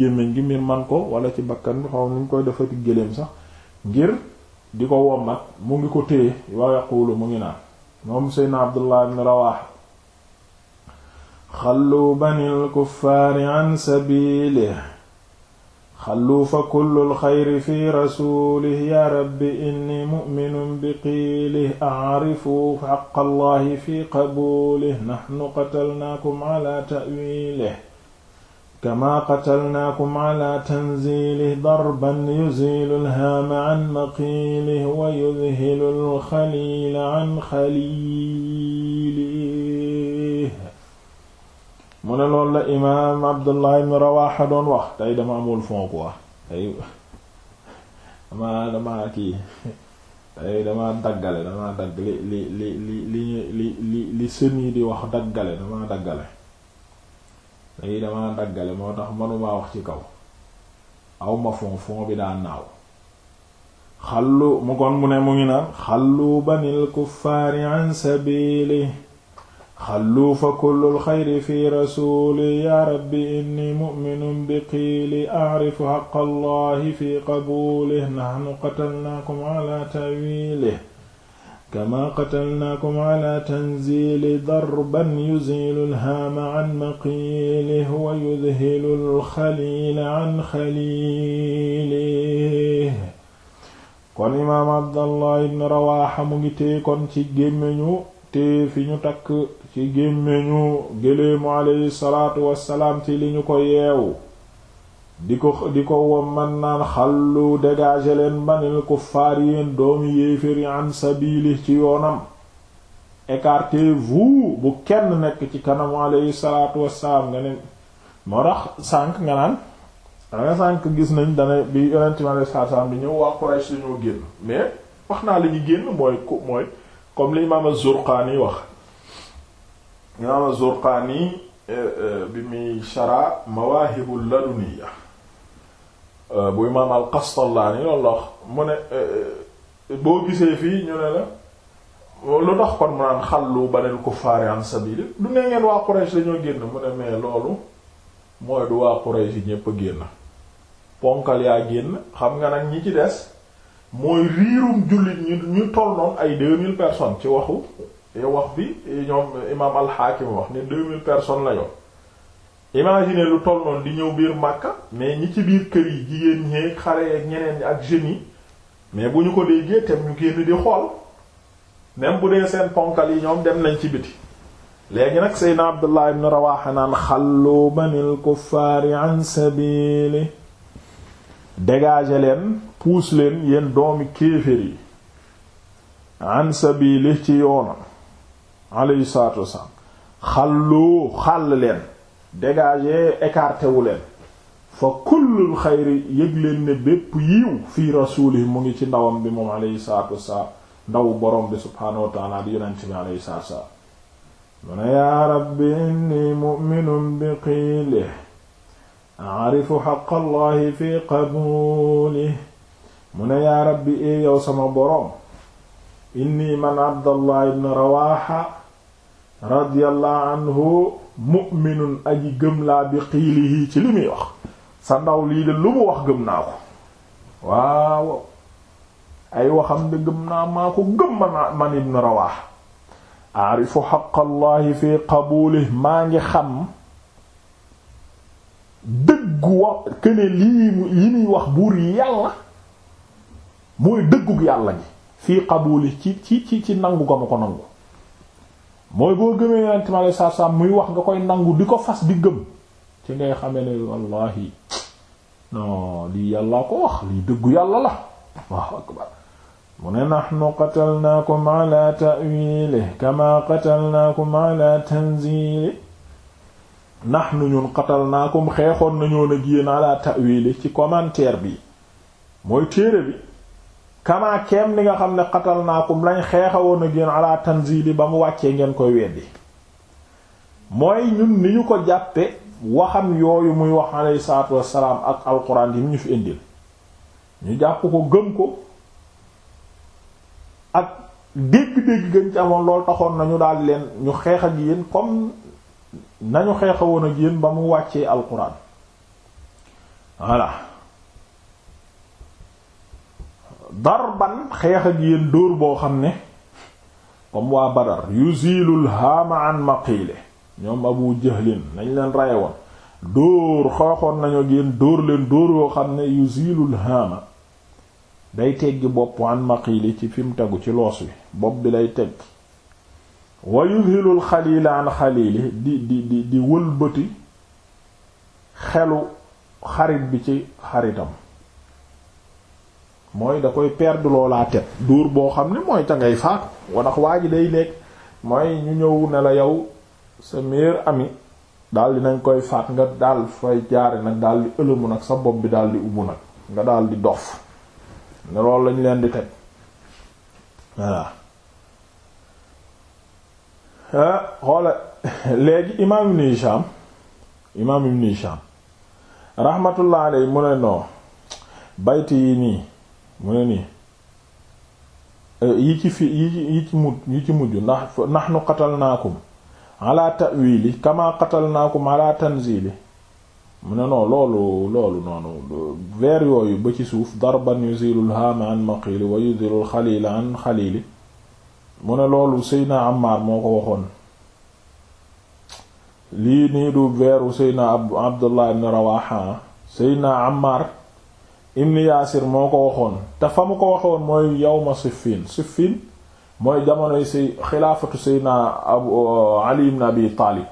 gémmiñ gi mbir man ko wala ci bakkan bi xaw nuñ koy defati gëléem sax ngir di ko wommat mu ngi ko téye wa yaqulu mu ngi naan moom seydna abdullah ibn rawaha xallu banil kuffaari an sabilih xallu fa kullul xayri fi rasulih ya rabbi inni mu'minun bi qiilih a'rifu xaqa fi qabulih nahnu qatalnakum ala ta'wilih kama qatalnaakum ala tanzilih darban yuzilu lhaama an maqilih wa yudhilu lxalila an xalilih mu ne loolu Abdullah ibn Rawaha doon wax tey dama amul fond quoi tey dama dama kii tey dama daggale dama li li li li li li li sën yi di wax daggale day daggale moo tax manuma wax ci kaw awma fon fon bi daa naaw xallu mu kon mu ne mu ngi naan xallu banil kuffaari an sabili xallu fa kullul xayri fi rasuli ya rabbi inni mu'minun bi qiili arifu xaqa allahi fi qabulih nahnu qatalnaakum ala tawilih kama qatalnaakum ala tanzili darban yuzilu lhaama an maqiilih wa yudhilu lxalila an xalilih kon imaam abdallah ibn rawaxa mu ngi téye kon ci gémmiñu téye fi ñu takk ci gémmiñu gëleemu aleyhi salaatu wassalaam ci li ñu ko yeewu di ko di ko wom man naan lu dégagé leen banil kuffaar yéen doomi yéeféri an sabili ci yoonam écartez-vous bu kenn nekk ci kanamu alayhi salaatu wassalaam nga ne moo tax sànq nga naan danga sànq gis nañ dana bi yonent mi alayhi bi ñëw waa Quraysh dañoo génn mais wax naa la ñu génn mooy ku mooy comme li imaam az-Zurqaani wax imaam az-Zurqaani eh, eh, bi muy shara Mawaahibul Laduniyya Euh, bu imaam al-Qastallaani loolu la wax mu ne euh, euh, boo gisee fii ñu ne la lu tax kon mu naan xallu lu kuffaari an sabili du ne ngeen waa Quraysh dañoo génn mu ne mais loolu mooy du waa Quraysh ñépp a génn ponkal yaa génn xam nga nag ñi ci des mooy riirum jullit ñi ñu ñu tolloon ay deux mille personnes ci waxu eh, wax bi eh, ñoom imaam al-Hakim wax ne deux mille personnes la yoon imagine lu toll noonu di ñëw biir Makka mais ñi ci biir kër yi jigéen ñi xale ak ñeneen ak jeunes yi mais bu ñu ko déggee tam ñu génn di xool même bu dee seen ponkal yi ñoom dem nañ ci biti léegi nag seydna Abdullah ibn Rawaha naan xallu banil kuffaari an sabili leen puus leen yéen doomi kéefér yi an sabili ci yoonam alayhi salaatu wasalaam xallu xàll leen dégagé écarté wu fa kullul xayri yëg ne bépp yiw fii rasuuli mu ngi ci ndawam bi moom alayhi salaatu ndaw borom bi subhaanahu wa di yonent bi alayhi salaatu mu ne yaa rabbi inni mu'minun bi qiilih arifu xaqa allahi fi qabuulih mu ne yaa rabbi ee yow sama borom inni man abdallah ibn anhu mu'minun aji gëm laa bi xiilihii ci li muy wax sa ndaw lii de lu mu wax gëm naa ko waaw ay waxam de gëm naa maa ko gëm man man ibn rawaax aarifu xaqallaahi fi qabuulih maa ngi xam dëggu wa këne lii yi muy wax buur yàlla mooy dëggug yàlla gi fii qabuulih ci ci ci ci nangu ga ma ko nangu mooy boo gëmee yonent mi alei muy wax nga koy nangu di ko fas di gëm ci ngay xamee ne wallahi non lii yàllaa ko wax lii dëggu yàlla la waaw akbar mu ne nahnu qatalnaakum ala ta'wilihi kama qatalnaakum ala tanzilihi nahnu ñun qatalnaakum xeexoon nañoo na giyéen ala ta'wilihi ci commentaire bi mooy téere bi kamaa keem ni nga xam ne naa qatalnaakum lañ xeexawoon ak yéen ala tanzili ba mu wàccee ngeen koy weddi mooy ñun ni ñu ko jàppe waxam yooyu muy wax alayhi salaatu wassalaam ak alquran yi ñu fi indil ñu jàpp ko gëm ko ak dégg-dégg gën ci amoon loolu taxoon nañu daal leen ñu xeex ak yéen comme nañu xeexawoon a yéen ba mu wàccee alquran voilà darban xeex ak yéen dóor boo xam ne comme waa badar yusilul haama an maqile ñoom abu jahlin nañ leen raye woon dóor xooxoon nañu ak yéen dóor leen dóor yoo xam ne yusilul haama day teggi bopp an maqili ci fi tegu ci loos wi bopp bi lay tegg wa yudhilul xalila an di di di di wëlbati xelu xarit bi ci xaritam mooy da koy perdre loolaa tet dóor boo xam ne mooy ca ngay faatu ndax waa ji day nekk mooy ñu ñëw ne la yow sa meilleur ami daal di nañ koy faat nga daal fay jaare nag daal di ëlëmu nag sa bopp bi daal di ubbu nag nga daal di dof ne loolu lañ leen di teg voilà ah, xoola léegi imaam ibn Hisham imaam ibn Hisham rahmatullah alayhi mu ne noo bayt yi nii mu ne nii euh, yi ci fi yi ci mujj yi ci mujj ndax nahnu qatalnaakum ala ta'wili kama qatalnaakum ala tanzili mu ne non loolu loolu noonu vers yooyu ba ci suuf darban yuzilu lhaama an maqili wa yuzilu lxalila an xalili mu ne loolu Seydina Ammaar moo ko waxoon lii nii du veeru Seydina Abdullah ibn Rawaha Seydina Ammaar ibn yaasir moo ko waxoon te fa mu ko waxoon mooy yawma siffin siffin mooy jamonoy si xilaafatu seydna abu uh, ali ibn abi taalib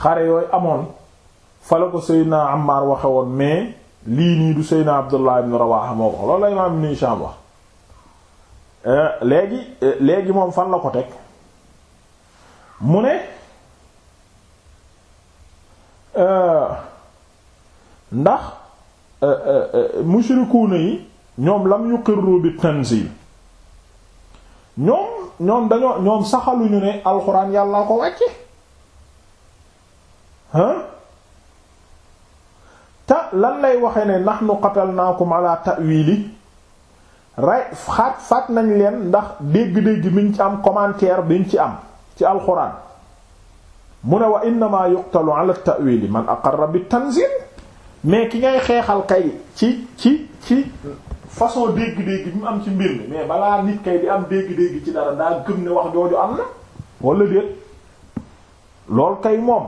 xare yooyu amoon fa la ko seydna ammaar waxe woon mais lii nii du seydna abdullah ibn rawaha moo ko loolu la imaam ibn hisham eh, léegi eh, léegi moom fan la ko teg mu ne eh, ndax Euh, euh, euh, mushrikuuna yi ñoom lam yuqirru bi tanzil ñoom ñoom dañoo ñoom saxaluñu ne alxuraan yàlla ko wàcce hein te lan lay waxe ne nahnu qatalnaakum ala ta'wili ray xaat faat nañ leen ndax dégg-dégg biñ ci am commentaire biñ ci am ci alxuraan mu ne wa innama yuqtalu ala ta'wili man aqarra bi mais ki ngay xeexal kay ci ci ci façon dégg-dégg bi mu am ci mbir mi mais balaa nit kay di am dégg-dégg ci dara daa gëm ne wax jooju am na wala déet loolu kay moom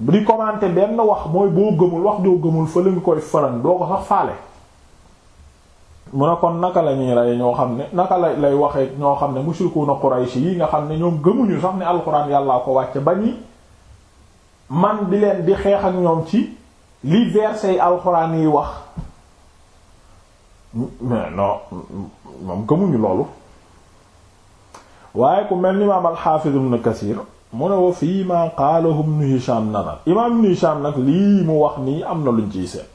di commenter benn wax mooy boo gëmul wax doo gëmul fële nga koy faran doo ko sax faale mu ne kon naka la ñuy rey ñoo xam ne naka la lay waxee ñoo xam ne na mushrikuuna si yi nga xam ne ñoom gëmuñu sax ne alxuraan yàllaa ko wàcce bañi man di leen di xeex ak ñoom ci lii verset yi alxuraan wax mais non moom gëmuñu loolu waaye ku mel ni imaam alxaafiz ibn Kasiir mu ne wa fii ma qaalahu ibn Hisham nadar imaam ibn Hisham nag lii mu wax nii am na luñ ciy seet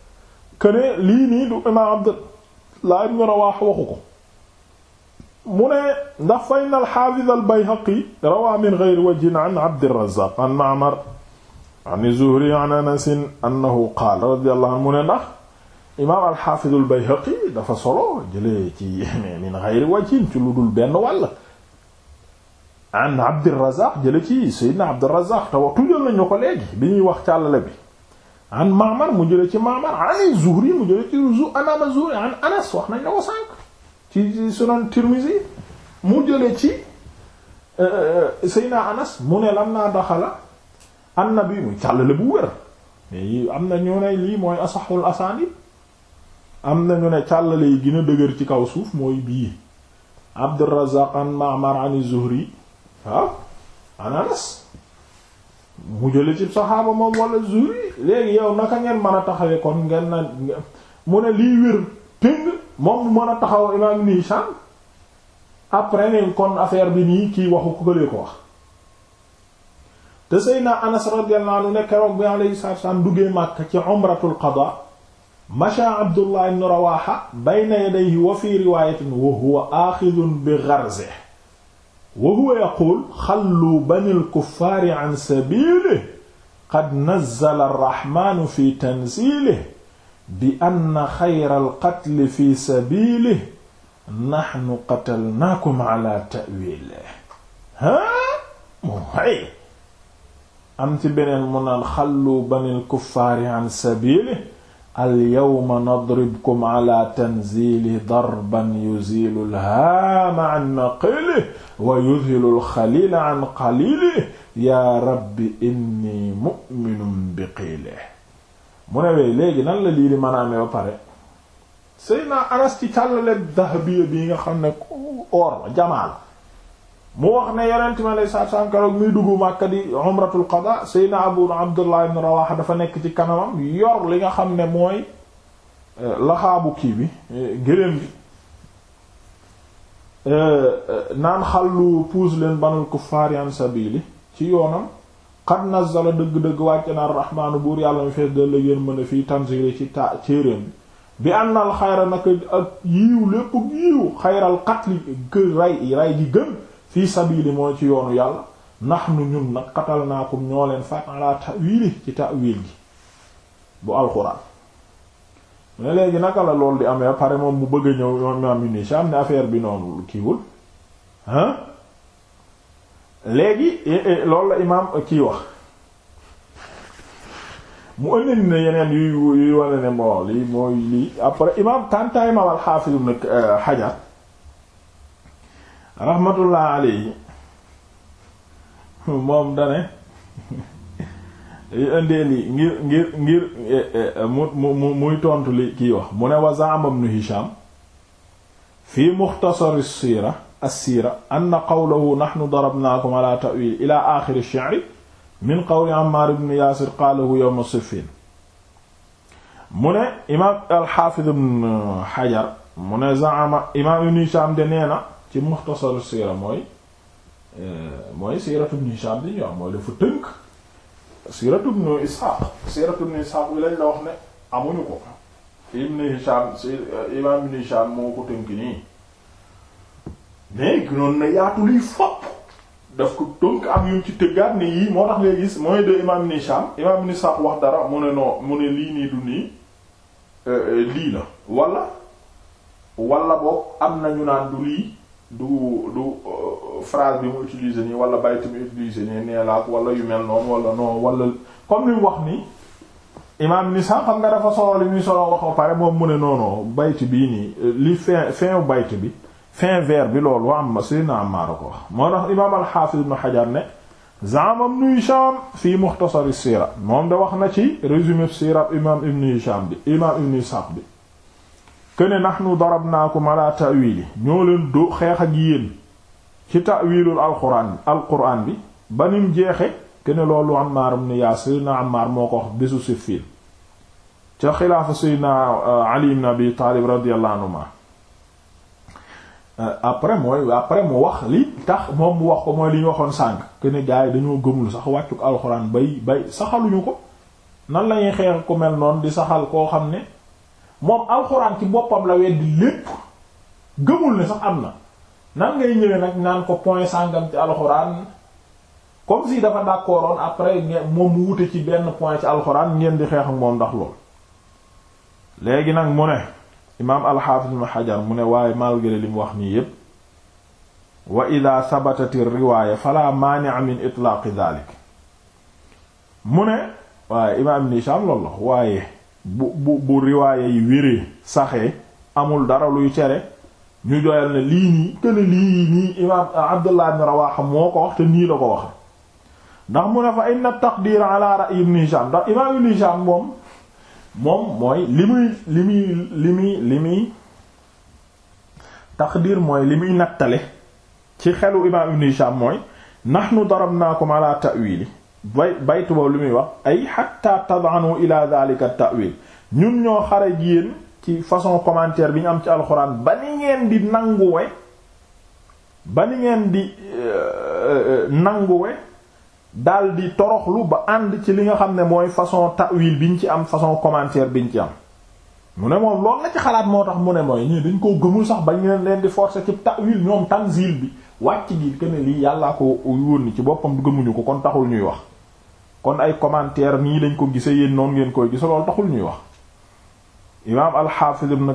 lii nii du imaam Abdullah ibn Rawaaha waxu ko mu ne ndax fa inna alxaafiz al Bayhaqi rawaa min ghayri wajhin an Abd al-Razzaaq an Ma'mar an Zuhri an Anas annahu qaala radiyallahu anhu mu ne ndax imaam al-Haafiz al-Bayhaqi dafa solo jëlee ci min ghayri wajhin ci lu dul benn wàll an Abdurrazaaq jëlee ci Seydina Abdurrazaaq te wax tujal nañu ko léegi bi ñuy wax càllale bi an Ma'mar mu jëlee ci Ma'mar an Zuhri mu jëlee ci imaam Zuhri an Anas wax nañ la ko sànq ci Sunan Tirmizi mu jëlee ci euh, Seydina Anas mu ne lam naa daxala annabi muy càllale bu wér mais am na ñu ne lii mooy asaxul asaani am na ñu ne càllale yi gën a dëgër ci kaw suuf mooy bii Abdurrazzaq an Ma'mar an Zuhri waaw ah, an mu jële ci saxaaba moom wala Zuhri léegi yow naka ngeen mën a taxawee kon ngeen na mu ne lii wér péng moom mën a taxaw imaam Ibn Hisham après ne kon affaire bi nii kii waxu ku ko wax te Seydina Anas radiyallahu anhu ne keroog bi alayhi salaatu wassalaam duggee Makka ci umratul qadaa masha Abdullah ibn Rawaha bayna yadayhi wa fi riwaayatin wa huwa aaxidun bi gharzihi wa huwa yaquul xallu banil kuffaari an sabiilihi qad nazzala ar-rahmaanu fi tanziilihi bi anna xayral qatli fi sabiilihi nahnu qatalnaakum alaa ta'wiilihi haa am ci beneen mu naan xallu banil kuffaari an sabili al yawma nadribkum ala tanzili darban yuzilu lhaama an naqili wa yuzilu lxalila an qalili yaa rabbi inni mu'minun bi qiile mu ne wey léegi nan la lii di mën a amee ba pare sëy naa anas ci càllale dahabiya bi nga xam ne or la jamaa la mu wax ne yonent mi alayhi muy dugg Makka di umratul qada Seydina Abu Abdullah ibn dafa nekk ci kanamam yor li nga xam ne mooy euh, laxaabu kii bi euh, gëléem bi euh, naan xallu puus leen banul kuffaari an sabili ci yoonam qad nazzala dëgg-dëgg wàcc na arrahmaanu buur yàlla mi fees dal la yéen mën a fii tanzili ci ta céeréem bi bi annal xayra naka ak yiiw lépp yiiw xayral qatli kër ray ray gi gën fii sabili moo ci yoonu yàlla nahnu ñun nag qatalnaakum ñoo leen faat ala ta'wili ci ta'wil gi bu alxuraan mu ne léegi naka la loolu di amee pare moom mu bëgg a ñëw yoon maam uni si am ne affaire bi noonu kiiwul ah léegi eh, eh, loolu la imaam kii wax mu ëndi ne yeneen yuy yuy wane ne moo lii mooy lii après imaam tàntaay imaam al-Hafiz raxmatullah alayhi moom dane indee li ngir ngir ngir eh, eh, mu mu muy tontu li kiy wax mu ne wa za'ama ibn Hisham fi mukhtasar as-sira as-sira anna qawluhu nahnu darabnakum ala ta'wil ila akhir ash-shi'r min qawli Ammar ibn Yasir qaalahu yawma Siffin mu ne imaam al-Hafiz ibn Hajar mu ne za'ama imaam ibn Hisham de nee na ci muxtasaru siira mooy euh, mooy siiratu Ibn Hishaam bi ñu wax mooy dafa tënk siiratu Ibn Isxaaq siiratu Ibn Isxaaq bi lañ la wax ne amuñu ko Ibn Hishaam si euh, imaam Ibn Hishaam moo ko tënk nii mais ginoon na yaatu liy fopp daf ko tënk am yu ci tëggaat ne yii moo tax ngay gis mooy de imaam Ibn Hishaam imaam Ibn Isxaaq wax dara mu ne non mu ne lii nii du nii euh, lii la wala wala boog am nañu naan du lii du du euh, phrase bi mu utilisé nii wala bayt mu utilisé nii nee la wala yu mel noonu wala non wala comme li mu wax nii imaam ni xam nga dafa solo li muy solo wax ba pare moom mu ne noonu bayt bii nii euh, li fin fin bayt bi fin vers bi loolu wa am Seydina Ammaar a ko wax moo tax imaam al-Hafiz Ibn ne Za'ama Ibn Hisham fii Mukhtasar as moom da wax na ci résumé siira imaam Ibn Hisham imaam Ibn Ishaq bi këne nahnu darabnaakum ala ta'wili ñoo leen dó xeex ak yéen ci ta'wilul alquran alquran bi ba nim jeexe këne loolu Ammaar ibn Yaasir na Ammaar moo ko bésu Siffin ca xilaafa sayyidina euh, Ali ibn Abi euh, après mooy après mu wax li tax moom mu wax ko mooy li waxoon sànq këne gaa yi dañoo gëmul sax wàccuk alquran bay bay saxaluñu ko nan lañuy xeex ku mel noonu di saxal koo xam ne moom alxuraan ci boppam la weddi lépp gëmul ne sax am na nan ngay ñëwee nag naan ko point sàngam ci alxuraan comme si dafa d'accordoon après moom mu wute ci benn point ci alxuraan ngeen di xeex moom ndax lool léegi nag mu ne imaam alxaafis ibn xajar mu ne waaye malgré lim mu wax nii yépp wa ida sabatati riwaaya fala maani'a min waaye imaam ibn Hishaam waaye bu bu bu riwaaya yi wéree saxee amul dara luy cere ñu joyal ne lii nii gën lii nii imaam Abdullah ibn Rawaha moo ko wax te nii la ko wax ndax mu ne fa inna taqdir ala ra'yi ibn Hisham ndax mooy li muy li muy li muy li muy mooy li muy nattale ci xelu imaam ibn Hisham mooy nahnu bay baytu ba lu muy wax ay hatta tad'anu ila dhalika at ñun ñoo xare ji ci façon commentaire bi ñu am ci alxuraan ba ni ngeen di nanguwe ba ni ngeen di euh, nanguwe dal di toroxlu ba ànd ci li nga xam ne mooy façon ta'wil bi ñu ci am façon commentaire bi ñu ci am mu ne moom lool na ci xalaat moo tax mu ne mooy ñii dañ koo gëmul sax ba ñu leen di forcer ci ta'wil ñoom tanzil bi wàcc gi que ne lii yàllaa ko yónni ci boppam gëmuñu ko kon taxul ñuy wax. kon ay commentaire nii lañ ko gise yéen noonu ngeen koy gise loolu taxul ñuy wax imaam alxaafiz ibn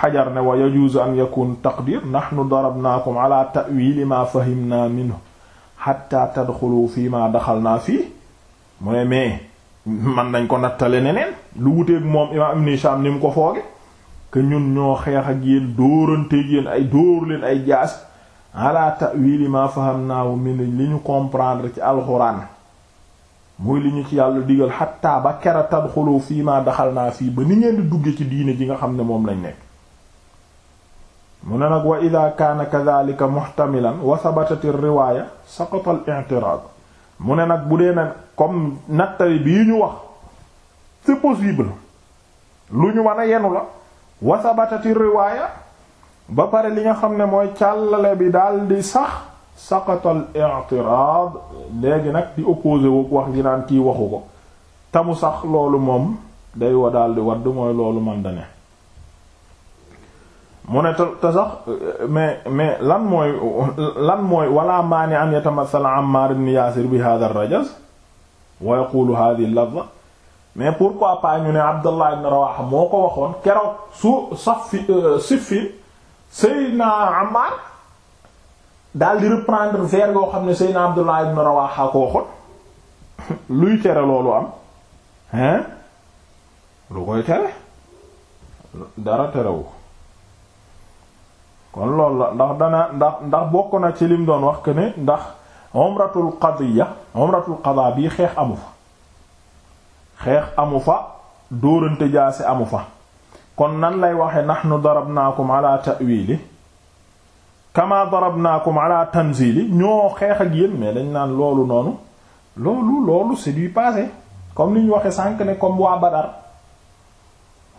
xajar ne wa yajuuzu an yakun taqdir nahnu darabnaakum ala ta'wili ma fahimna minhu hatta tadxulu fii ma daxalna fii mu ne mais man nañ ko nattale neneen lu wuteeg moom imaam ibn ni mu ko fooge que ñun ñoo xeex ak yéen dóoranteeg yéen ay dóor leen ay jaas ala ta'wili ma fahamnaahu min li ñu comprendre ci alxuraan muy li ñu ci yàlla digal xatta ba kera tadxulu fii ma daxal naa fii ba ni ngeen di dugge ci diine ji nga xam ne moom lañ nekk mu ne nag wa ida kaana kadhalika muhtamilan wa thabatat riwaaya saqata al mu ne nag bu dee nag comme nattali bii ñu wax c'est possible lu ñu mën a yenu la wa riwaaya ba pare li nga xam ne mooy càllale bi daal di sax saqata al i'tirad léegi nag di opposé wu wax ji naan kii waxu ko tamu sax loolu moom day wa daldi wadd mooy loolu man da ne mu sax mais lan mooy mooy wala maani an yatamathala Ammar ibn Yasir bi hadha ar-rajaz wa yaqulu lafza mais pourquoi pas ñu ne Abdullah ibn Rawaha ko waxoon keroog su saf fi siffi daal di reprendre vers yoo xam ne Seydina Abdullah ibn Rawaha koo xot luy tere loolu am hein lu koy tere dara terewu kon loolu ndax dana ndax ndax bokk na ci lim doon wax que ne ndax umratul qadiya umratul qadaa bi xeex amu fa xeex amu fa dóorante jaase amu fa kon nan lay waxe naa ko ala ta'wili kama darabnaakum ala tanzili ñoo xeex ak yéen mais dañ naan loolu noonu loolu loolu c'est du comme ni ñu waxe sànq ne comme waa Badar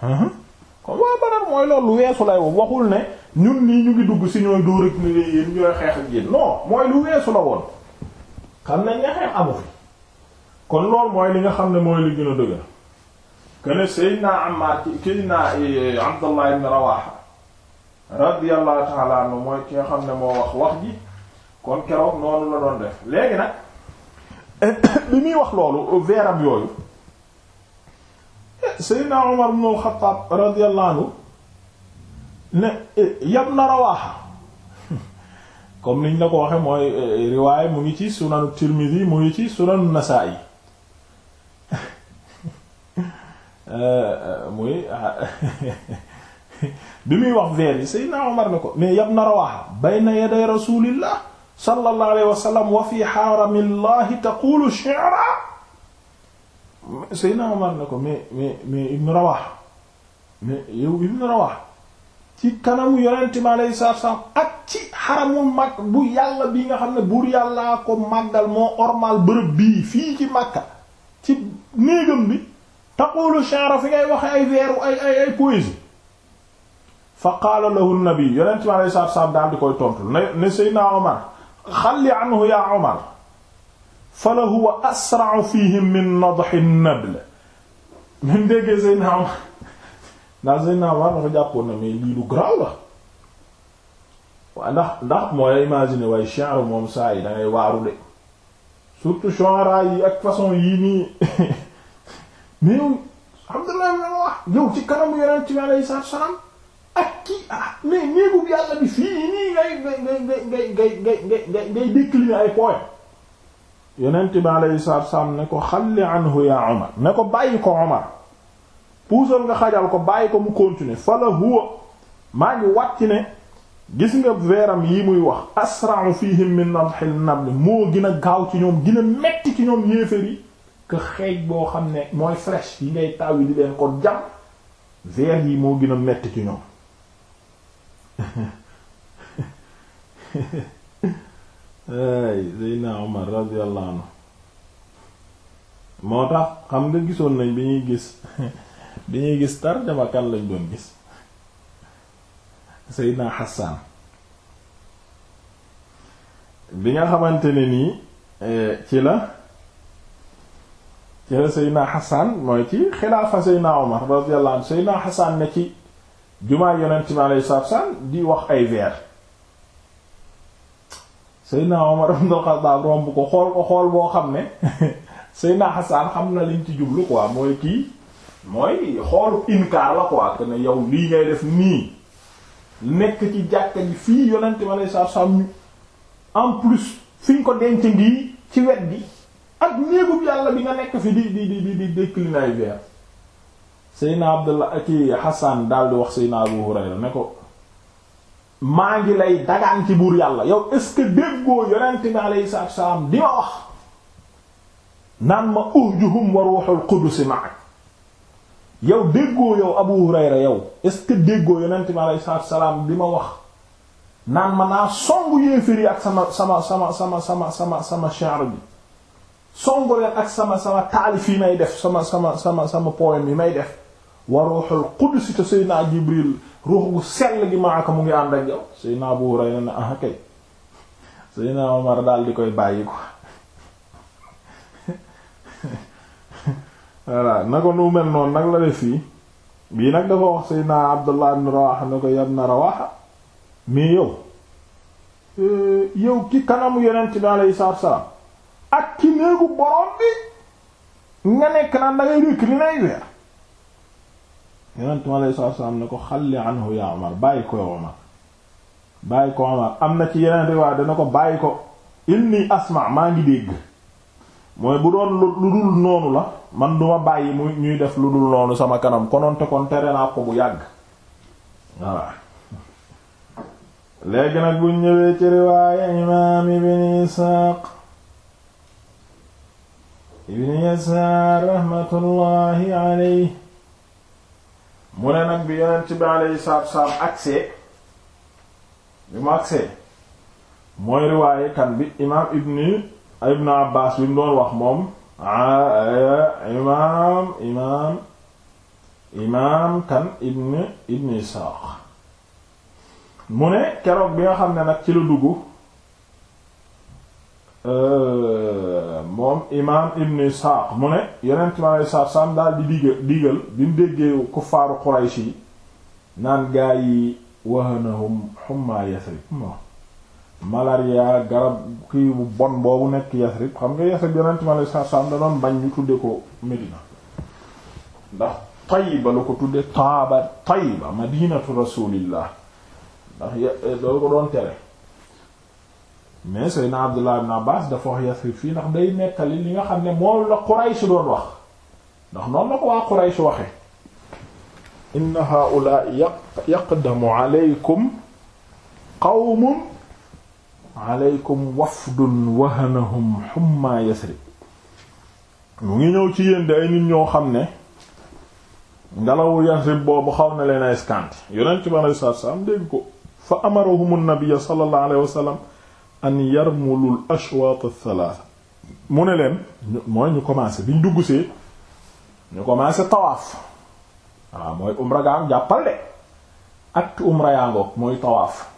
comme waa Badar mooy loolu lu weesu lay waxul ne ñun nii ñu ngi dugg si ñooy dóor ak ni yéen ñooy xeex ak yéen non mooy lu weesu la woon xam ne xeex amu fi kon loolu mooy li nga xam ne mooy li gën a dëgër que ne Seydina Ammar Seydina eh, Abdallah ibn Rawaha radiyallahu ta'ala anhu mooy ki nga xam ne moo wax wax ji kon keroog noonu la doon def léegi nag li muy wax loolu veeram yooyu Seydina Umar ibn al-Khattab radiyallahu anhu ne Ibn eh, Rawaha comme la ko waxe mooy eh, riwaay mu ngi ci sunanu Tirmidhi mu ngi ci sunanu Nasa'i eh, muy ah, bi muy wax vers yi Seydina Omar ne ko mais yab na rawaaxa bayna yaday rasulillah sallallahu alayhi wa wa fi xaaramillahi taqulu shi'ra Seydina Omar ne ko mais mais mais kanamu yonente mi bu yàlla bi nga xam ne buur yàllaa ko màggal moo ormal bërëb bii fii ci Makka ci néegam bi taqulu shi'ra fi ngay ay veeru ay ay ay poésie fa qaala lahu nabi yonent mi alayhi salaatu salaam daal di koy tontu ne Seydina Omar xalli anhu yaa Omar fa la huwa asra'u fiihim min nadhi nabl min déggee Seydina Omar ndax Seydina Omar dafa jàppoon ne mais lii lu garaaw la waaw ndax ndax mooy imaginer waaye shi'r moom saa yi da ngay waaru de surtout shu'ara yi ak façon yii nii mais Abdullah ibn Umar yow ci kanamu yonent mi alayhi salaatu salaam ak kii ah mais néegub yàlla bi fii nii ngay ngay ngay ngay ngay ngay ngay décliner ay point yonent bi alayhi salaatu wassalaam ne ko xalli anhu ya Omar ne ko bàyyi ko Omar puusal nga xajal ko bàyyi ko mu continuer fa la huwa maa ngi wàcc ne gis nga veeram yi muy wax asra'u fihim min nadhil nabl moo gën a gaaw ci ñoom gën a metti ci ñoom yéefér yi xeej boo xam ne mooy flèche yi ngay taw yi di leen ko jam veer yi moo gën a metti ci ñoom ay Seydina Omar radiyallahu anhu moo tax xam nga gisoon nañ bi ñuy gis bi ñuy gis tarjama kan lañ doon gis Seydina Hassan bi nga xamante ni nii eh, ci la ci la Seydina Hassan mooy ci xilaafa Seydina Omar radiyallahu anhu Seydina Hassan ne ci jumaa yonent bi alayhi salaatu di wax ay vers Seydina Omar ibn al-Khattab romb ko xool ko xool boo xam ne Seydina Hassan xam na liñ ci jublu quoi mooy kii mooy xoolu inkaar la quoi que ne yow lii ngay def nii nekk ci jàkka ji fii yonent bi alayhi salaatu ñu en plus fi ñu ko denc ngi ci wet bi ak néegub yàlla bi nga nekk fi di di di di décliner ay vers Seydina Abdullah aki Hassan daal di wax Seydina Abu Hurayra ne ko maa ngi lay dagaan ci buur yàlla yow est-ce que déggoo yonent bi alayhi salaatu salaam di ma wax naan ma uhjuhum wa ruuhul qudus ma'ak yow déggoo yow Abu Hurayra yow est-ce que déggoo yonent bi alayhi salaatu salaam di ma wax naan ma naa songu yéeféer yi ak sama sama sama sama sama sama sama shi'r bi songu leen ak sama sama taalif yi may def sama sama sama sama poème yi may def wa ruuxul qudus te Seydina Jibril ruux gu sell gi maaka mu ngi ànd ak yow Seydina Abu Hurayra ne ah kay Seydina Omar di koy bàyyi ko voilà na ko nu mel noonu nag la def fii bii nag dafa wax Seydina Abdullah ibn Rawaha ne ko yab na Rawaha mais yow eh, yow ki kanamu yonent bi alayhi salaam ak ki néegu borom bi nga nekk naan da ngay récliné weer. yonent ko xalli anhu yaa Umar bàyyi ko Umar bàyyi ko Umar am na ci yeneen riwaaya dana ko bàyyi ko inni asma maa ngi dégg mooy bu doon lu dul noonu la man duma bàyyi mu ñuy def lu dul noonu sama kanam kononte kon tere naa ko bu yàgg waaw léegi nag bu ñëwee ci riwaaya imaam ibn Isaaq ibn Yasaar raxmatullaahi alayhi mu ne nag bi yonent bi alayhi salaatu salaam agsee bi mu agsee mooy riwaaye kan bi imaam ibni ibn Abbaas bi mu doon wax moom imaam imaam kan ibn ibn Isaaq mu ne keroog bi nga xam ne nag ci lu dugg Euh, moom imaam Ibn Isxaaq mu ne yeneen ci maanaam Isxaaq saam daal di digal digal bi mu déggee kuffaaru Quraysh yi naan gaa yi wahanahum humma Yasrib malaria garab kii bu bon boobu nekk Yasrib xam nga Yasrib yeneen ci maanaam Isxaaq saam da doon bañ ñu tudde ko Medina ndax Tayba la ko tudde Taaba Tayba madinatu Rasuulillah ndax ya eh, ko doon tere. mais Seydina Abdullah ibn Abbas dafa wax Yasrib fii ndax day nettali li nga xam ne moom la Quraysh doon wax ndax noonu la ko waa Quraysh waxe inna haula yaqdamu alaykum qawmun alaykum wafdun wahanahum humma Yasrib mu ngi ñëw ci yéen ay nit ñoo xam ne ngelawu Yasrib boobu xaw na leen ay skant yonent bi sallallahu alayhi wasallam dégg ko fa amarahum an-nabiy sallallahu alayhi wasallam an yarmulul ashwaat ath-thalatha mu ne leen mooy ñu commencé biñ dugg see ñu commencé tawaaf waaw mooy umra gaam jàppal de acte umra yaa ngoog mooy tawaaf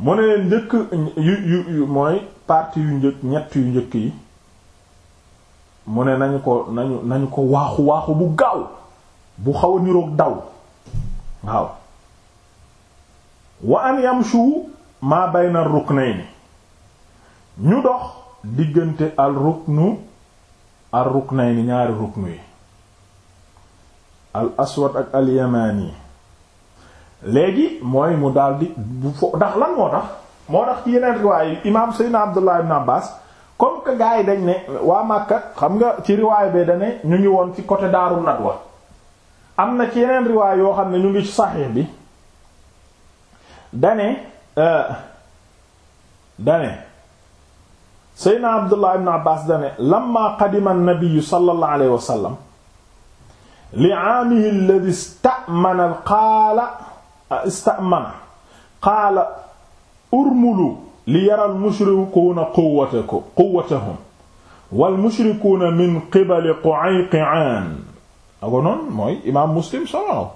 mu ne leen njëkk yu yu yu mooy partie yu njëkk ñett yu njëkk yi mu ne nañu ko nañu nañu ko waaxu waaxu bu gaaw bu xaw a niroog daw waaw wa an yamshu maa bayna ruknayni ñu dox diggante al ruknu al ruknayni ñaari ruknu yi al aswad ak al yamani léegi mooy mu daldi bu fo ndax lan moo tax moo tax ci yeneen riwaay imaam Seydina Abdullah ibn Abbas comme que gars yi dañ ne waa Makka xam nga ci riwaay bee dañ ñu ngi woon ci côté Daarul wa am na ci yeneen riwaay yoo xam ne ñu ngi ci Sahih bi dañ Euh, dane seydna abdullah ibn abbas dane lamma qadima an-nabiy sallallahu alayhi wa sallam li aamihi alladhi istamana qaala istamana qaala urmulu li yara al-mushrikuuna quwwatahum wal mushrikuuna min qibali Qayqi'aan ako noonu mooy imaam muslim solo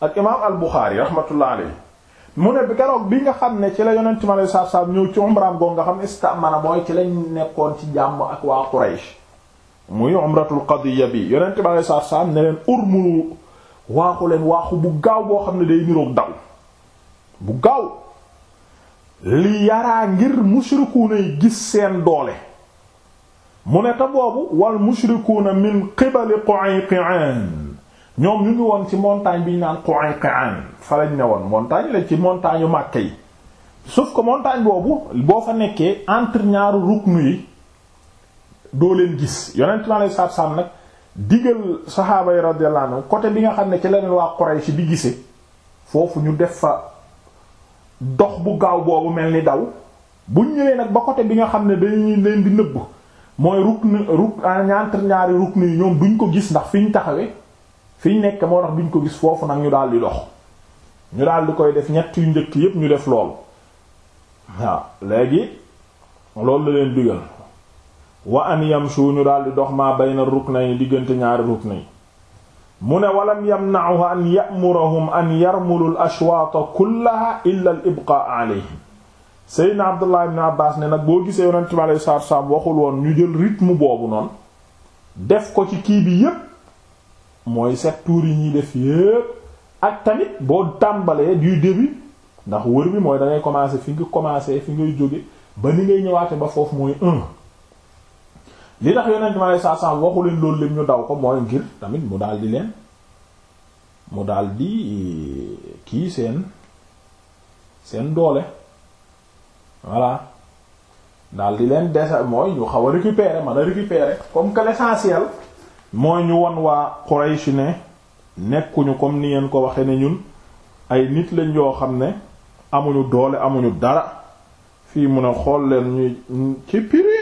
ak imaam al-Buxaari raxmatullahi alayhi mu ne bi keroog bi nga xam ne ci la yonent mi alayhi salaatu salaam ñëw ci umraam goo nga xam ne istamana mooy ci lañ nekkoon ci jàmm ak waa Quraysh muy umratul qadiya bi yonent mi alayhi salaatu salaam ne leen urmu waaxu leen waaxu bu gaaw boo xam ne day niroog dal bu gaaw li yaraa ngir mushrikuuna yi gis seen doole mu ne te boobu wal mushrikuuna min qibali Qu'ayqi'an ñoom ñu ngi woon ci montagne bi ñu naan en fa lañ ne woon montagne la ci montagne yu Makka yi sauf que montagne boobu boo fa nekkee entre ñaaru ruknu yi doo leen gis yonent mi alayhi salaatu salaam nag digal saxaaba yi radiyallahu anhu côté bi nga xam ne ci leneen waa Quraysh bi gisee foofu ñu def fa dox bu gaaw boobu mel ni daw bu ñëwee nag ba côté bi nga xam ne dañuy leen di nëbb mooy ruknu ruk entre ñaari ruknu yi ñoom buñ ko gis ndax fi ñu taxawee. fi ñu nekk moo tax bi ñu ko gis foofu nag ñu daal di dox ñu daal di koy def ñett yu njëkk yépp ñu def loolu waaw léegi loolu la leen digal wa an yamshu ñu daal dox maa bayna ruknayn diggante ñaari ruknayn mu ne walam yamna'uhu an ya'murahum an yarmulu al-ashwaata kullaha illa al-ibqaa'a alayhim Seydina Abdullah ibn ne nag boo gisee Yonent bi alayhi salaatu waxul woon ñu jël ritm boobu noonu def ko ci kii bi yépp mooy sept tours yi ñuy def yépp ak tamit boo tàmbalee du début ndax wër bi mooy dangay ngay commencer fi nga commencer fi ngay jóge ba ni ngay ñëwaate ba foofu mooy un li tax yonent ma lay saasam waxu leen loolu lim ñu daw ko mooy ngir tamit mu daal di leen mu daal di eh, kii seen seen doole voilà daal di leen dese mooy ñu xaw a récupérer man a récupérer comme que l'essentiel mooy ñu won waa Quraysh ne nekkuñu comme ni ngeen ko waxe ne ñun ay nit lañ yoo xam ne amuñu doole amuñu dara fii mun a xool leen ñu ci piri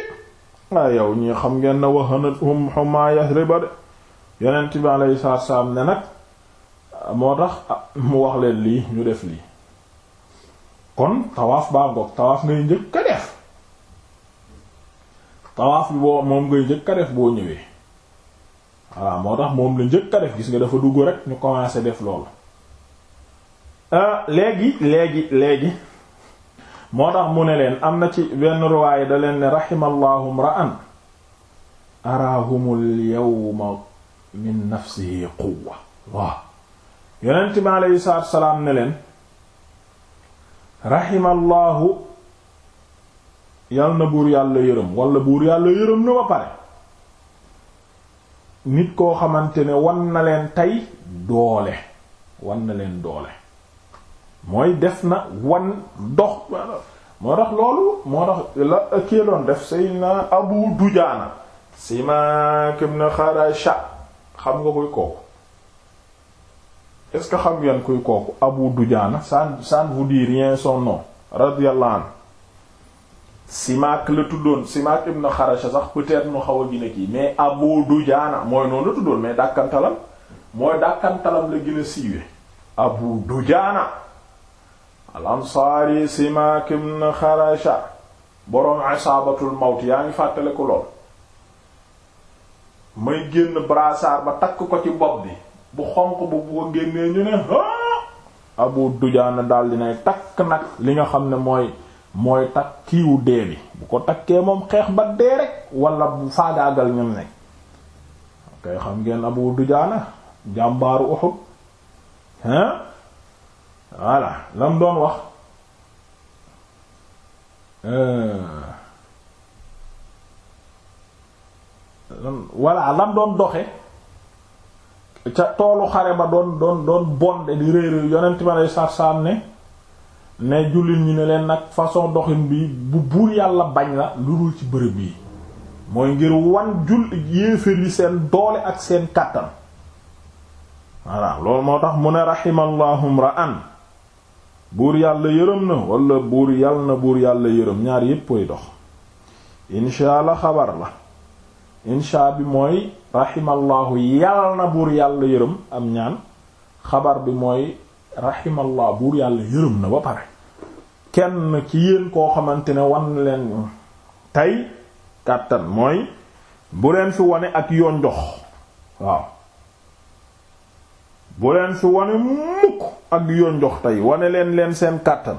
waa yow ñii xam ngeen na wahanathum humma Yasriba de yonent bi alayhi salaam ne nag moo tax ah, mu wax leen lii ñu def lii kon tawaaf baa ngoog tawaaf ngay njëkk a def tawaaf boo moom ngay njëkk a def boo ñëwee voilà moo tax moom lu njëkk a def gis nga dafa dugg rek ñu commencé def loolu euh, léegi léegi léegi moo tax mu ne leen am na ci benn riwaaya da leen ne rahimallahu imra'an araahumul yawma min nafsihi quwwa waaw yonent bi aleyhi salaatu wa ne leen rahimallahu yal na buur yàlla yërëm walla buur yàlla yërëm na ba pare nit koo xamante ne wan na leen tey doole wan na leen doole mooy def na wan dox moo tax loolu moo tax la kii doon def Seydina Abu Dujaana Simaak ibn Xarasha xam nga koy kooku est-ce que xam ngeen koy kooku Abu Dujaana ça ça ne vous rien son nom radiyallahu anhu Simaak la tuddoon Simaak ibn Xarasha sax peut-être mu xaw a gën kii mais Abu Dujaana mooy noonu la tuddoon mais dàkkantalam mooy dàkkantalam la gën a siiwe Abu Dujaana al ansaari Simaak Xarasha boroom isaabatul mawt yaa ngi fàttale ko lool may génn brassard ba takk ko ci bopp bi bu xonq bu bu ko génnee ñu ne Abu Dujaana daal dinay takk nag li nga xam ne mooy mooy takk kiiwu dee bi bu ko takkee moom xeex ba dee rek wala bu faagaagal ñam ne kay xam ngeen Abu Dujaana jàmbaaru Uhud hein voilà lam doon wax euh, voilà lam doon doxe ca toolu xare ba doon doon doon bonde di réer yonent ma lay saar ne ne jullit ñu ne leen nag façon doxin bi bu buur yàlla bañ la lu dul ci bërëb yi mooy ngir wan jul yéeféer yi seen doole ak seen kàttan voilà loolu moo tax mu ne raximallahum ra an buur yàlla yërëm na wala buur yàlla na buur yàlla yërëm ñaar yépp ay dox inshaa la xabar la inshaa bi mooy raximallaahu yàlla na buur yàlla yërëm am ñaan xabar bi mooy rahimallah buur yàlla yërëm na ba pare kenn ci yéen koo xamante ne wan leen tey kàttan mooy bu leen fi wane ak yoon jox waaw bu leen fi wane mukk ak yoon jox tey wane leen leen seen kàttan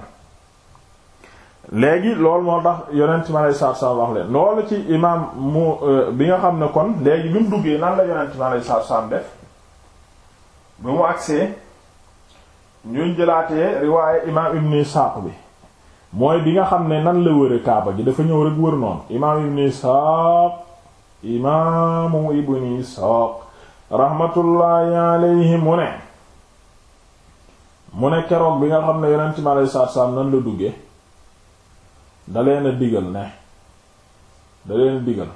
léegi loolu moo tax yonent ma lay saar saar wax leen loolu ci imaam mu euh, bi nga xam ne kon léegi bi mu duggee nan la yonent ma lay saar saar def bi mu agsee ñuy jëlaatee riwaaye imaam ibn Isaaq bi mooy bi nga xam ne nan la wëre kaaba ji dafa ñëw rek wër noonu imaam ibn Isaaq imaamu ibn Isaaq rahmatullahi mu ne mu ne keroog bi nga xam ne yonent mi alayhi salaatu nan la dugge da leen a digal ne da leen a digal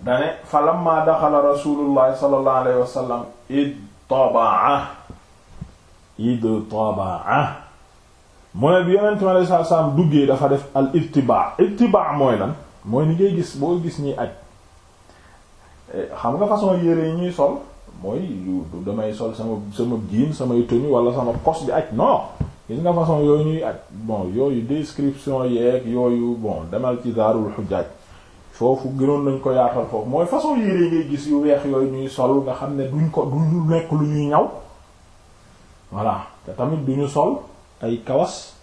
dane falamma daxala rasuulullahi sallallahu alayhi wasallam ittabaa id tabaa mu ne bi yonent mi alei satu salaam duggee dafa def al ittiba ittiba mooy lan mooy ni ngay gis boo gis ñuy aj eh, xam nga façon yére yi ñuy sol mooy du damay sol sama sama jiin samay tenue wala sama kos bi aj non gis nga façon yooyu ñuy aj bon yooyu description yeeg yooyu bon demal ci daarul xujjaaj foofu gënoon nañ ko yaatal foofu mooy façon yére yi ngay gis yu weex yooyu ñuy sol nga xam ne duñ ko duñ nekk lu ñuy ñaw voilà te tamit du ñu sol ay kawas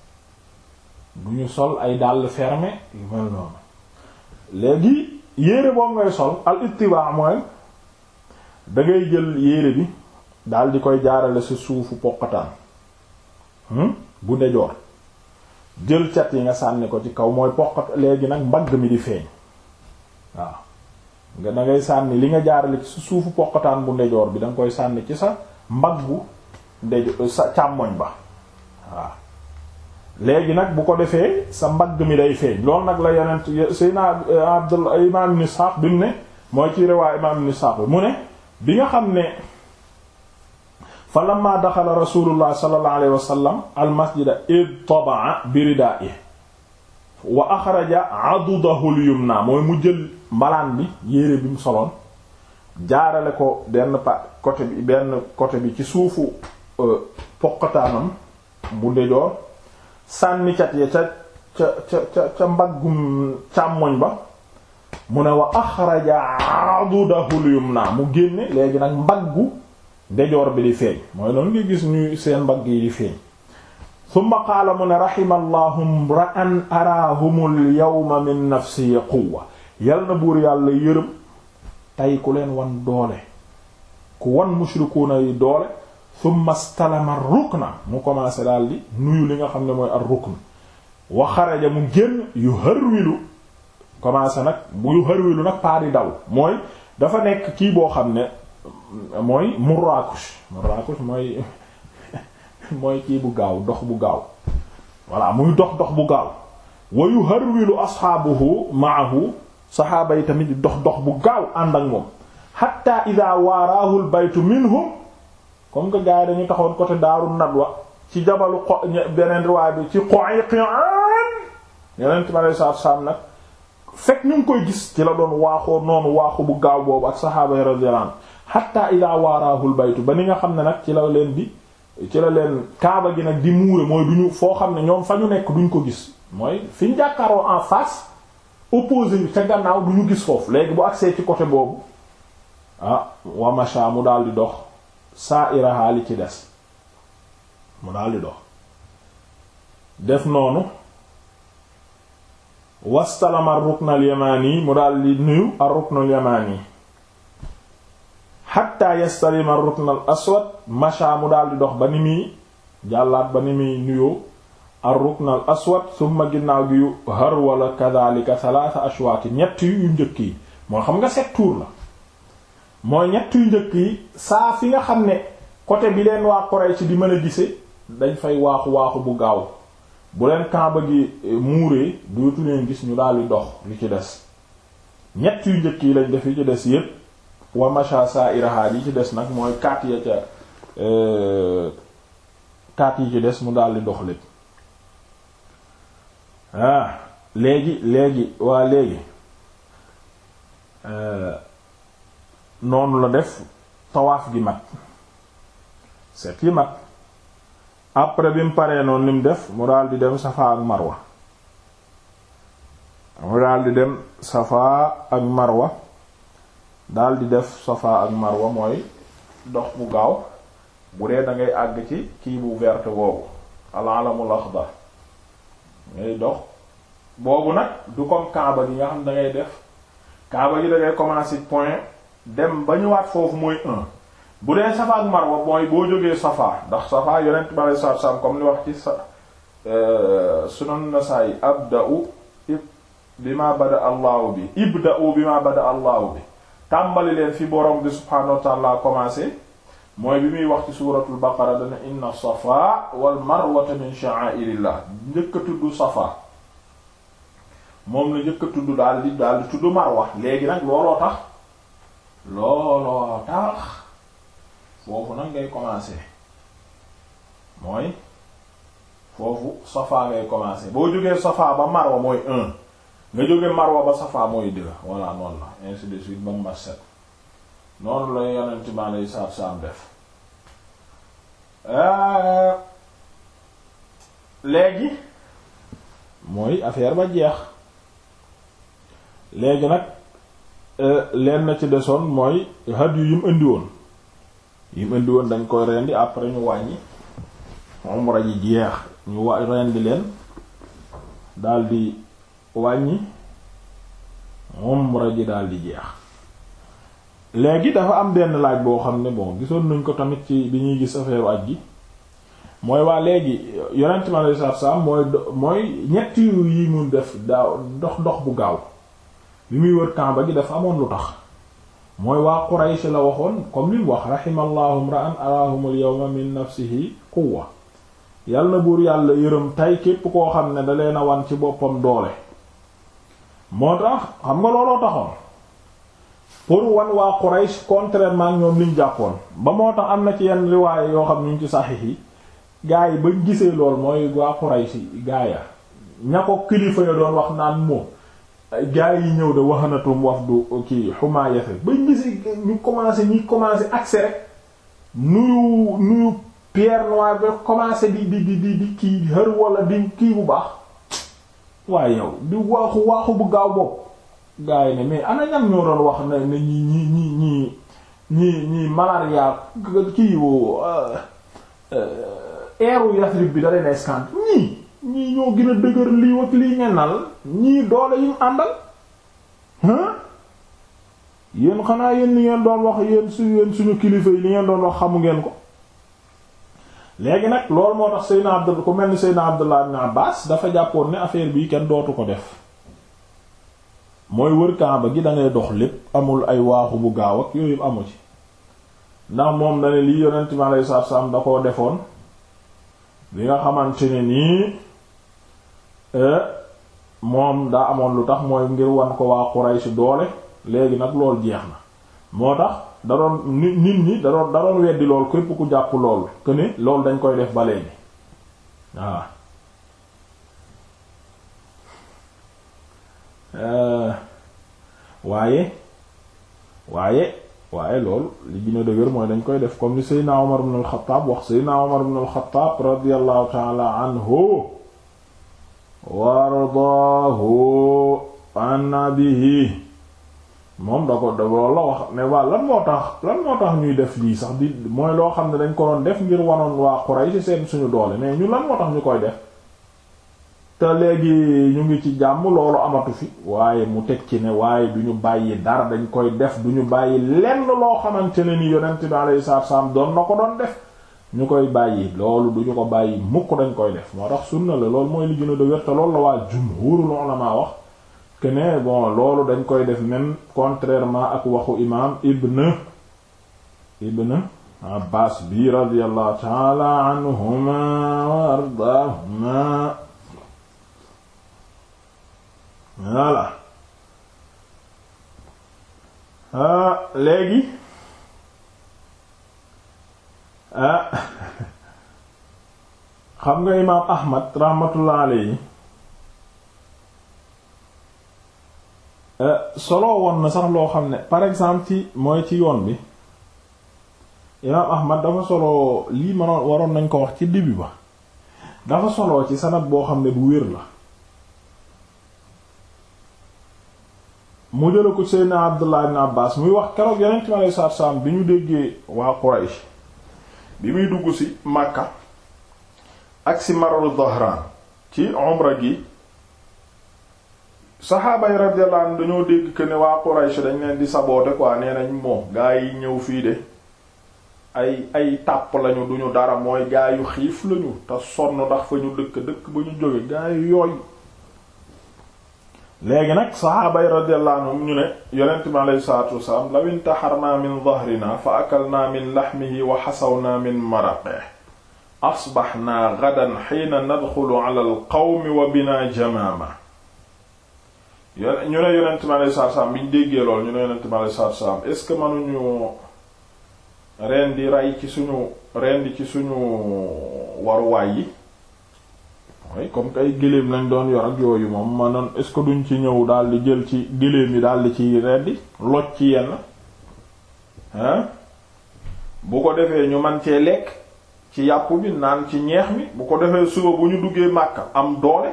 du ñu sol ay dàll fermé yu mel noonu léegi yére boobu ngay sol al ittiba mooy da jël yére bi daal di koy jaarale sa suufu poqataan hmm, bu ndejoor jël cat yi nga sànni ko ci kaw mooy poqat léegi nag mbagg mi di feeñ waaw nga da ngay sànni li nga jaarale ci sa suufu poqataan bu ndejoor bi da koy sànni ci sa bu ndejo euh, sa càmmoñ ba waaw léegi nag bu ko defee sa mbagg mi day feeñ loolu nag la yonent sayna euh, Abdullah euh, imam ibn Sa'd bi mu ne mooy ci riwaa imam ibn Sa'd mu ne bi nga xam ne fa lamma daxala rasulullah sallallahu alayhi wa sallam al masjida id wa axraja adudahu al yumna mooy mu jël mbalaan bi yére bi mu soloon jaarale ko benn pa côté bi benn côté bi ci suufu poqataanam bu ndejoor sànni cat ya ca ca ca ca mbaggum càmmoñ ba mu ne wa axraja adudahul yumna mu génne léegi nag mbaggu ndejoor bi di feeñ mooy noonu nga gis ñuy seen mbagg yi di feeñ summa qaala mu ne rahimaallahum ra'an araahumul yawma min nafsi quwwa yal na buur yàlla yërëm tey ku leen wan doole ku wan mushrikuuna yi doole thumma stalama rukna mu commencé daal di nuyu li nga xam ne mooy ar rukn wa xaraja mu génn yu harwilu commencé nag bu yu harwilu nag paa di daw mooy dafa nekk kii boo xam ne mooy muraakush muraakush mooy mooy kii bu gaaw dox bu gaaw voilà muy dox dox bu gaaw wa yu harwilu asxaabuhu maahu saxaaba yi tamit dox dox bu gaaw ànd ak moom hatta ida waaraahu al minhum comme que gars yi dañu taxoon côté Daaru Nadwa ci jabalu xo beneen riwaay bi ci Qoyqian yeneen ci ma lay saaf saaf nag fekk ñu ngi koy gis ci la doon waaxoo noonu waaxu bu gaaw boobu ak saxaaba yi radiyallahu anhu hatta baytu ba ni nga xam ne nag ci la leen di ci la leen kaaba gi nag di muure mooy duñu foo xam ne ñoom fa ñu nekk duñ ko gis mooy fi ñu jàkkaaroo en face opposé bi ca gannaaw duñu gis foofu léegi bu agsee ci côté boobu ah mu daal di dox. saa iraha li ci des mu daldi dox def noonu wastalam ar yamaani mu daldi nuyu ar yamaani xatta yastalim ar aswad masha mu daldi dox ba ni muy jàllaat ba ni muy nuyoo ar aswad summa ginnaaw gi yu har wala kadhalika salaasa ashwaati ñett yu njëkk yi moo xam nga set tuur la mooy ñett yu njëkk yi saa si nga xam ne côté bi leen waa Quraysh di mën a gisee dañ fay waaxu waaxu bu gaaw bu leen Kaaba gi eh, muuree dootu leen gis ñu daal di dox li ci des ñett yu njëkk yi lañ def yi ci des yépp wa macha saa iraha yi ci des nag mooy kaat ya eh, yi ci des mu daal di dox lépp ah léegi léegi waa léegi. Eh, noonu la def tawaaf gi mat set yi mat après bi mu paree noonu li mu def mu daal di dem Safa ak Marwa mu daal di dem Safa ak Marwa daal di def Safa ak Marwa mooy dox bu gaaw bu dee da ngay àgg ci kii bu verte boobu al-alamul axdar ngay dox boobu nag du comme Kaaba gi nga xam da ngay def Kaaba gi da ngay point. dem ba ñu waat foofu mooy un bu dee safa marwa mooy boo jógee safa ndax safa yonent bi alei satu salaam comme li wax ci sa euh, sunan nasaayi abda'u bi ma bada allahu bi ibda'u bi ma bada allahu bi tàmbali leen fi borom bi subhaanahu wa ta'ala commencé mooy bi muy wax ci suuratul baqara dana inna safa wal marwata min sha'a'irillah njëkk tudd safa moom la njëkk tudd daal di daal di tudd marwa léegi nag looloo tax looloo tax foofu nag ngay commencer mooy foofu Safa ngay commencer boo jógee Safa ba Marwa mooy un nga jóge Marwa ba Safa mooy deux voilà noonu la ainsi de suite ba mu mat set noonu la yonent ma lay saab saab def euh, léegi mooy affaire ba jeex léegi nag Euh, leen na ci desoon mooy hadiyu yi mu indi woon yi mu indi woon dañ koy rendi après ñu wàññi umra ji jeex ñu wa rendi leen daldi wàññi umra ji daldi jeex léegi dafa am denn laaj boo xam ne boo gisoon nañ ko tamit ci bi ñuy gis affaire aj gi mooy waa léegi yonent mi alayhi salaam mooy mooy ñett yu yi mu def daaw dox dox bu gaaw bi muy wër Kaaba gi def amoon lu tax mooy waa Quraysh la waxoon comme li mu wax rahimallahu imra'an arahumul yawma min nafsihi quwwa yàlla na buur yàlla yërëm tay képp koo xam ne da na wan ci boppam doole moo tax xam nga looloo taxoon pour wan waa Quraysh contrairement ak ñoom liñ jàppoon ba moo tax am na ci yenn riwaaye yoo xam ñu ci saxiix yi gaa yi ba gisee lool mooy waa Quraysh gaaya ña ko kilifa ya doon wax naan moom gaa yi ñëw de waxanatum wafdu kii xuma yafe bañ gisi ñu commencé ñi commencé accès rek nuyu nuyu pierre noire ba commencé bi di di di di kii hër wala di kii bu baax waaye yow di waaxu waaxu bu gaaw bopp gaa yi ne mais ana ñam ñoo doon wax na ni ñi ñi ñi ñi ñi ñi malaria kii wu eeru euh, euh, Yasrib bi da leen escant ñii ñii ñoo gën a dëgër lii ak lii ngenal ñii doole yim àndal ah yéen xanaa yéen li ngeen doon wax yéen su yéen suñu kilifa yi li ngeen doon wax xamu ngeen ko léegi nag loolu moo tax Seydina Abdul ku mel ni Seydina Abdullah ibn Abbas dafa jàppoon ne affaire bi kenn dootu ko def mooy wër Kaaba gi da dox lépp amul ay waaxu bu gaaw ak yooyu amu ci ndax moom na ne lii yonent mi alayhi salaam da koo defoon li nga xamante ne nii Euh, moom daa amoon lu tax mooy ngir wan ko waa Quraysh doole léegi nag lool jeex na moo tax da doon nit ñi da doon da doon weddi lool képp ku jàpp lool que ne loolu dañ koy def ba léegi waa euh, waaye waaye waaye loolu li gën a dëgër mooy dañ koy def comme ni Seydina Omar ibn al-Khattab wax Seydina Omar ibn al-Khattab radiyallahu ta'ala anhu wardaahu an abihi moom da ko loolu la wax ne waa lan moo tax lan moo tax ñuy def lii sax di mooy loo xam ne dañ ko doon def ngir wanoon waa Quraysh seen suñu doole mais ñu lan moo tax ñu koy def te léegi ñu ngi ci jàmm loolu amatu fi waaye mu teg ci ne waaye du ñu bàyyi dara dañ koy def du ñu bàyyi lenn loo xamante ne ni yonent bi alayhi salaam doon na ko doon def ñu koy bàyyi loolu du ñu ko bàyyi mukk dañ koy def moo tax sunna la loolu mooy li gën a dëgër te loolu la waa jumhuurul bon loolu dañ koy def même contrairement ak waxu imaam ibn ibn abbas bi radiyallahu taala anhuma wa ardaahuma voilà ah, léegi ah xam nga imaam ahmad rahmatullah alayhi ah, solo woon na sax loo xam ne par exemple ci mooy ci yoon bi imaam ahmad dafa solo lii manoon waroon nañ ko wax ci début ba dafa solo ci sanad boo xam ne bu wér la mu jëla ko seydna abdullah ibn abbas muy wax keroog yeneen ci ma lay saar bi ñu déggee waa quraish bi muy dugg ci Makka ak ci Marru Dhahran ci umra gi saxaaba yi radiyallahu anhum dañoo dégg que ne waa Quraysh dañ leen di saboter quoi nee nañ moom gaa yi ñëw fii de ay ay tàpp lañu duñu dara mooy gaa yu xiif lañu te sonn ndax fa ñu dëkk dëkk ba ñu jóge gaa yu yooyu léegi nag saxaaba yi radiyallahu anhum ñu ne yonent bi alayhi salaatu wasalaam law intaharna min dhahrina fa akalna min lahmihi wa hasawna min maraqihi asbaxna gadan xiina nadxulu ala alqawmi wa bina jamaama ñu ne yonent bi alayhi salaatu wasalaam bi ñu déggee lool ñu ne yonent bi alayhi salaatu wasalaam est-ce que mënuñu rendi rey ci suñu rendi ci suñu waruwaay yi mooy comme kay géléem lañ doon yor ak yooyu moom manoon est-ce que duñ ci ñëw daal di jël ci géléem yi daal di ci reddi loj ci yenn hein bu ko defee ñu man cee lekk ci yàpp bi naan ci ñeex mi bu ko defee suba bu ñu duggee màkk am doole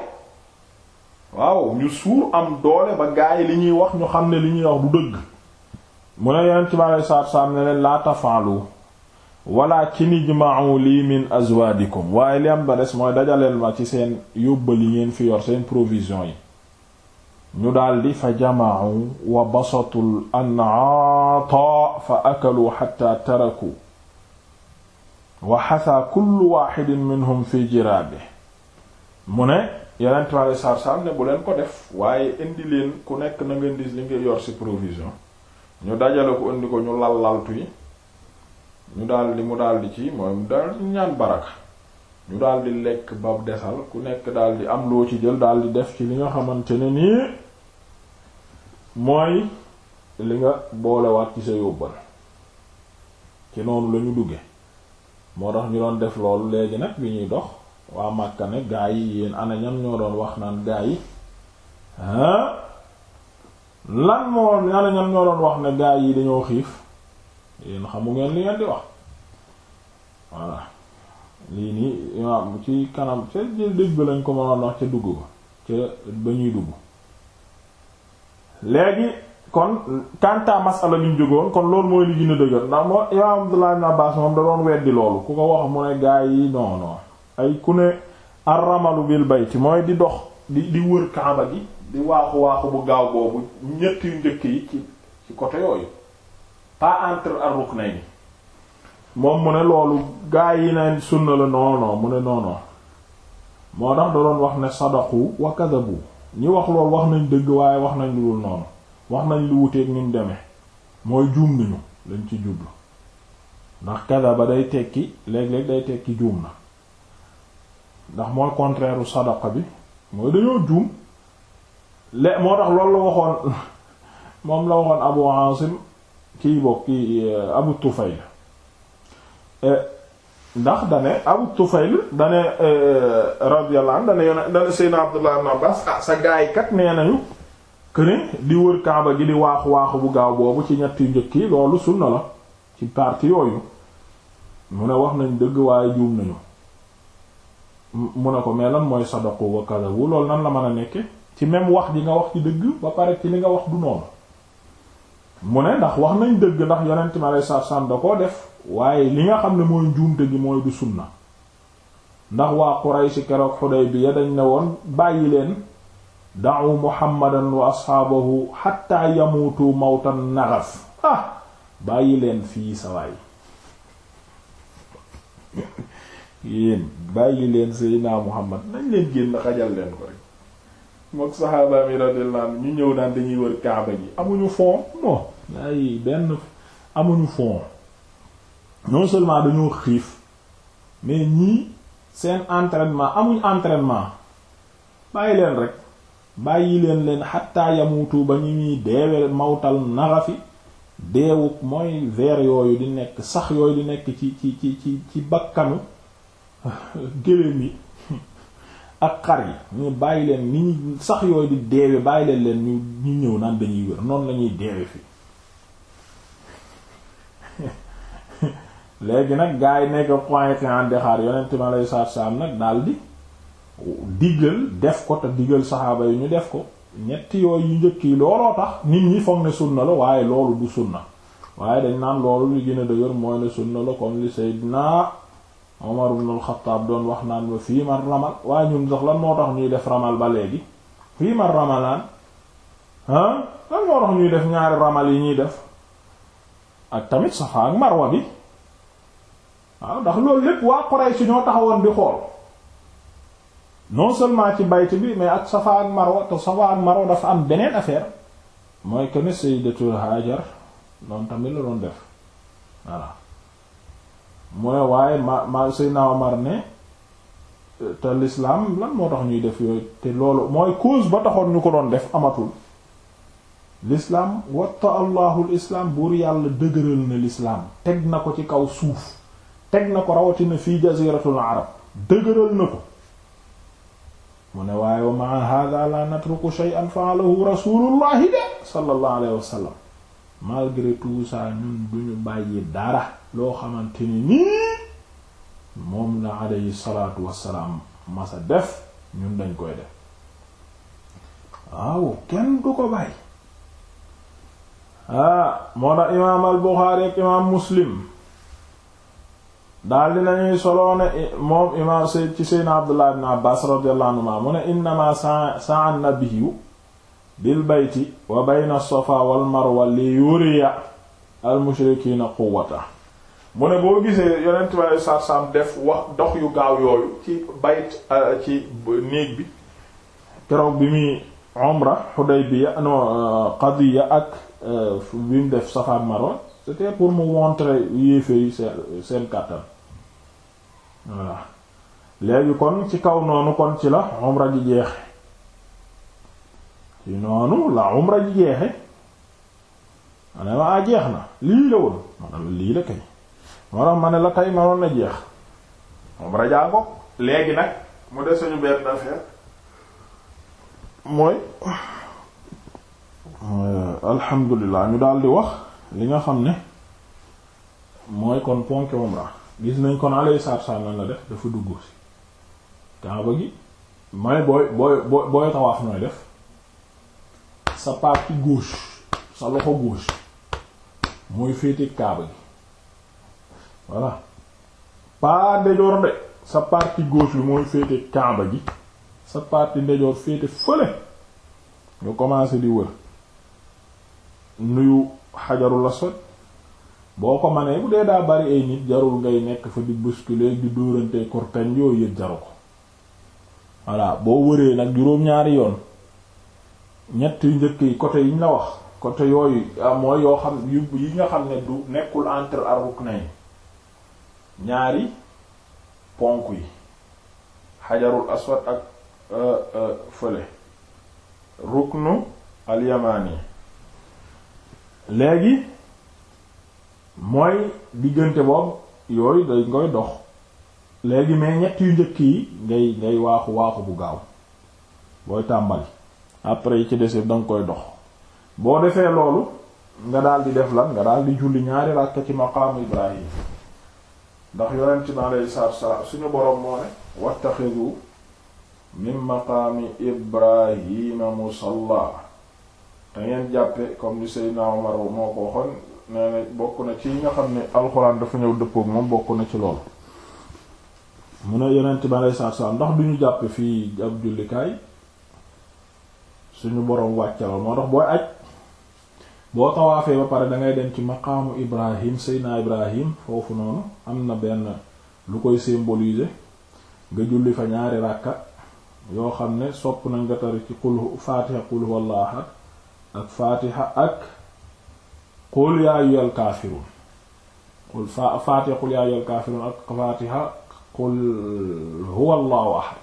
waaw ñu suur am doole ba gaay li ñuy wax ñu xam ne li ñuy wax bu dëgg mu ne yenn ci ma lay saat saam ne leen laa tafaalu walaakin ijma'u lii min azwaadikum waaye li mooy dajaleel ma ci seen yóbbal yi ngeen fi yor seen provision yi ñu daldi fa jama'u wa basatul an'aata fa akalu hatta taraku wa xasa kullu minhum fi jiraabi mu ne yenent male ne bu leen ko def waaye indi leen ku nekk na ngeen di li nga yor si provision ñu dajale ko indi ko ñu lal laltu yi ñu daldi mu daldi ci mooy mu daldi ñaan baraka ñu daldi lekk ba desal ku nekk daldi am loo ci jël daldi def ci li nga xamante ne nii mooy li nga boolewaat ci sa yóbbal ci noonu la ñu dugge moo tax ñu doon def lool léegi nag bi ñuy dox waa Màkka ne gaa yi yéen ana ñan ñoo doon wax naan gaa yi ah lan moo ana ñoo doon wax ne gaa yi dañoo xiif yéen xamu ngeen li ngeen di wax voilà lii nii imaam ci kanam ca dëj ba lañ ko mënoon wax ca dugg ba ca ba ñuy dugg léegi kon kanta masala bi ñu jógoon kon loolu mooy li gën a dëgër ndax moo imaam Abdullah ibn Abbas moom da doon weddi loolu ku ko wax mu ne gaa yi non non ay ku ne arramalu bil bayti mooy di dox di di wër kaaba gi di waaxu waaxu bu gaaw boobu ñetti njëkk yi ci ci côté yooyu pas entre ar-ruknayni moom mu ne loolu gaa yi ne sunna la non mu ne non non moo tax da doon wax ne sadaqu wa kadabu ñi wax loolu wax nañ dëgg waaye wax nañ lu dul noonu wax nañ lu wuteeg ni deme mooy juum nañu lañ ci jublu ndax ba day tekki léeg-léeg day tekki juum na ndax mooy contraire u bi mooy dañoo juum le moo tax loolu la waxoon moom la waxoon Abu Asim kiy bokk ki euh, Abu Tufayl euh, ndax dane Abu Tufayl dane euh, radiyallahu anhu dane yoona dane Seydina Abdullah ibn Abbas ah sa gaay kat nee nañu këne di wër Kaaba gi di waax waaxu bu gaaw boobu ci ñetti njëkk yi loolu sunna la ci parti yooyu mu ne wax nañ dëgg waaye juum nañu mu ne ko mais lan mooy sadaqu wa kadabu loolu nan la mën a nekke ci même wax ji nga wax ci dëgg ba pare ci li nga wax du noonu mu ne ndax wax nañ dëgg ndax yonent mi aleyhi salaatu salaam da koo def waaye li nga xam ne mooy njuumte gi mooy du sunna ndax waa Quraysh keroog Xudaybiya dañ ne woon bàyyi leen da'u Muhammadan wa ashaabahu hatta yamutu mawtan naxas ah bàyyi leen fii sawaay yéen bàyyi leen Seydina Muhammad nañ leen génn xajal leen ko rek mook saxaaba mi radiyallahu ñu ñëw daan dañuy wër Kaaba gi amuñu fond mo ay benn amuñu fond non seulement dañoo xiif mais ñii seen entraînement amuñ entraînement bàyyi leen rek bàyyi leen leen xataa yamutu ba ñu ñuy deewee mawtal fi deewu mooy ver yooyu di nekk sax yooyu di nekk ci ci ci ci ci bakkanu gëléem yi ak xar yi ñu bàyyi leen ni ñu sax yooyu di deewe bàyyi leen leen ñu ñu ñëw naan dañuy wér noonu lañuy deewe fii léegi nag gars yi nekk point en dexaar yonent mi aleyhi salaatu salaam nag daal di digal def ko te digal saxaaba yi ñu def ko ñetti yooyu yu njëkk yi looloo tax nit ñi foog ne sunna la waaye loolu du sunna waaye dañ naan loolu li gën a dëgër mooy ne sunna la comme li Seydina Omar ibn al-Khattab doon wax naan ba fii ma ramal waaye ñun sax lan moo tax ñuy def ramal ba léegi fii ma ramalaan ah, lan moo tax ñuy def ñaari ramal yi ñuy def ak tamit Safa ak bi waaw ndax loolu lépp waa Quraysh ñoo taxawoon di xool non seulement ci bayt bi mais ak Safa ak Marwa te Safa ak Marwa dafa am beneen affaire mooy que ne Sayyidatu Hajar noonu tamit la doon def voilà mu ne waaye ma ma Seydina Omar ne te l'islam lan moo tax ñuy def yooyu te loolu mooy cause ba taxoon ñu ko doon def amatul l'islam watta allahu l'islam buur yàlla dëgëral na l'islam teg na ko ci kaw suuf teg na ko rawatina fii jaziratul arab dëgëral na ko mu ne waaye wa maa hada la natruku shay'an fa'alahu rasulullahi de sallallahu alayhi ñun duñu bàyyi dara loo xamante ni nii moom la alayhi salatu wassalaam def ñun dañ koy def waaw kenn du ko bàyyi ah na imaam al ak imaam Muslim daal di nañuy soloone moom imaam ci seydna abdullah ibn abbas radiyallahu anhuma mu ne innama sa'a nabiyyu bil bayti wa bayna as-safa wal marwa li yuriya al mushrikiina quwwata mu ne boo gisee yonent bi alei def wax dox yu gaaw yooyu ci bayt euh, ci néeg bi keroog bi muy umra Hudaybiya no euh, qadiya ak euh, bi mu def safa marwa c'était pour mu montrer yéefe yi seen seen kàttan voilà léegi kon ci kaw noonu kon ci la umra ji jeex ci noonu la umra ji jeexe ma ne ah, jeex na lii la woon ma ne la lii ma ne na jeex umra jaa ko léegi nag mu des suñu benn affaire mooy alhamdulilah ñu daal di wax li nga xam ne mooy kon ponk umra gis nañ kon alayhi salaatu salaam nan la def dafa duggu ci kaaba gi mooy booy booy booy tawaaf nooy def sa partie gauche sa loxo gauche mooy féete kaaba gi voilà pas ndejoor de sa partie gauche bi féete sa partie ndejoor féete fële nga commencé di wër nuyu xajarul aswad boo ko manee bu dee daa bari ay nit jarul ngay nekk fa di bousculer di dóorante kortañ yooyu yëpp jaru ko voilà boo wëree nag juróom-ñaari yoon ñett njëkk yi côté yi côté yooyu ah, mooy yoo xam yi nga xam ne du nekkul entre ar-ruknayn ñaari ponk yi xajarul aswad ak euh, euh, fële ruknu al yi léegi mooy diggante boobu yooyu day ngoy dox léegi mais ñett yu njëkk yi ngay ngay waaxu waaxu bu gaaw booy tàmbali après yi ci desee danga koy dox boo defee loolu nga daal di def lan nga daal di julli ñaari ràkka ci maqaamu Ibrahim ndax yonent bi alayhi salaatu wassalaam suñu boroom moo ne wattaxidu min maqaami Ibrahima musalla da ngeen jàppe comme li Seydina Omar moo ko waxoon nee bokk na ci nga xam ne alxuraan dafa ñëw dëppook moom bokk na ci lool mu ne yonent bi alei satu salaam ndax duñu jàppe fii ab jullikaay suñu boroom wàccal moo tax booy aj boo tawaafee ba pare dangay dem ci maqaamu Ibrahim Seydina Ibrahim foofu noonu am na benn lu koy symboliser nga julli fa ñaari ràkka yoo xam ne sopp nañ nga tari ci qul fatiha qul huwallahu ahad ak faatiha ak qul yaa ayyuhal kaafiruun qul faatiha qul yaa ayyuhal kaafiruun ak faatiha qul huwa allahu ahad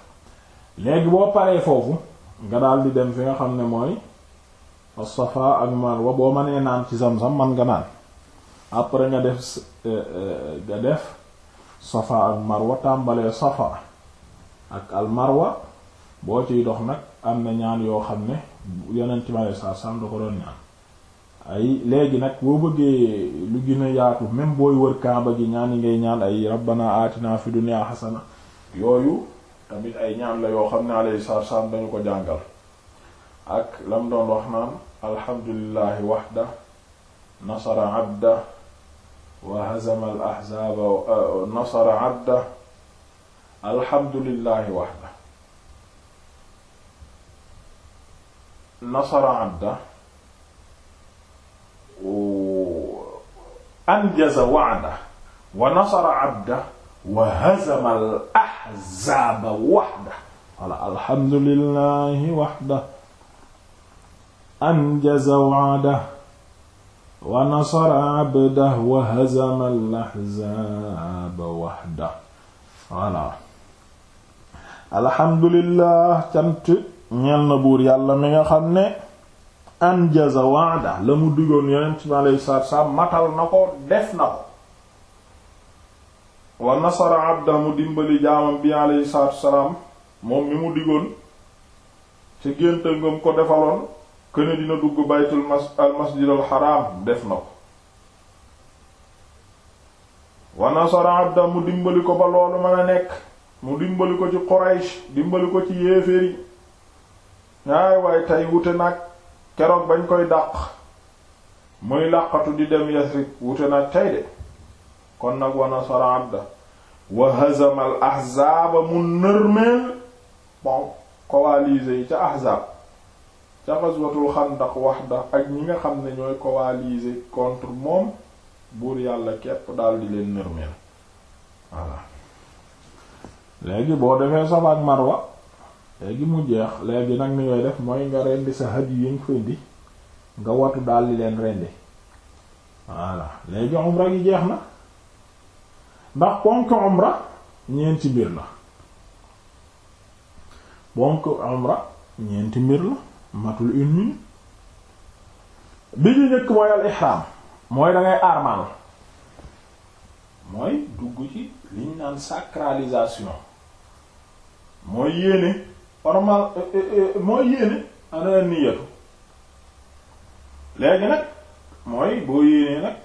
léegi boo paree foofu nga daal di dem fi nga xam ne mooy as-Safa ak Marwa boo mënee naan ci Zamzam man nga naan après nga def eh, eh, nga def ak Marwa tàmbalee Safa ak al boo ci dox nag am na ñaan yoo xam ne yonent mi alayhi salaatu salaam da ko doon ñaan ay léegi nag boo bëggee lu gën yaatu même booy wër kaaba gi ñaan yi ngay ñaan ay rabbana atina fi dunya hasana yooyu tamit ay ñaan la yoo xam ne alayhi salaatu salaam dañu ko jàngal ak lam doon wax naan alhamdulillahi wahda nasara abda wa hazama al nasara abda alhamdulillahi wahda nasara abda anjaza wa'da wa nasara abda wa hazama al ahzaaba wahda wala alhamdulillahi wahda anjaza wa'da wa nasara abda wa hazama al ahzaaba wahda wala alhamdulillah cant ñeel buur yàlla mi nga xam ne anjaza wa'da la mu digoon yonent mi alayhi salaatu wasalaam matal na ko def na ko wa abda mu dimbali jaamam bi alayhi salaatu moom mi mu digoon ci génta ngam ko defaloon këne dina dugg baytul mas al masjid al haram def na ko wa abda mu dimbali ko ba loolu mën a nekk mu dimbali ko ci Quraysh dimbali ko ci yéeféeri ñaay waay tey wute nag keroog bañ koy dàq muy làqatu di dem Yasrib wute nag tey de kon nag wa nasara abda wa hazama al ahzaaba mu nërmeel bon yi ca ahzaab ca ghazwatul xandaq wahda ak ñi nga xam ne ñooy coalisés contre moom buur yàlla képp daal di leen nërmeel voilà léegi boo demee Safa Marwa léegi mu jeex léegi nag ni ngay def mooy nga rendi sa haj yi nga fendi nga watu daal di leen rendi voilà léegi umra gi jeex na ndax ponk umra ñeenti mbir la ponk umra ñeenti mbir la matul une bi ñu njëkk mooy al ihram mooy da ngay mooy dugg ci liñ naan sacralisation mooy yéene ormal euh, euh, euh, mooy yéene ana niyatu léegi nag mooy boo yéenee nag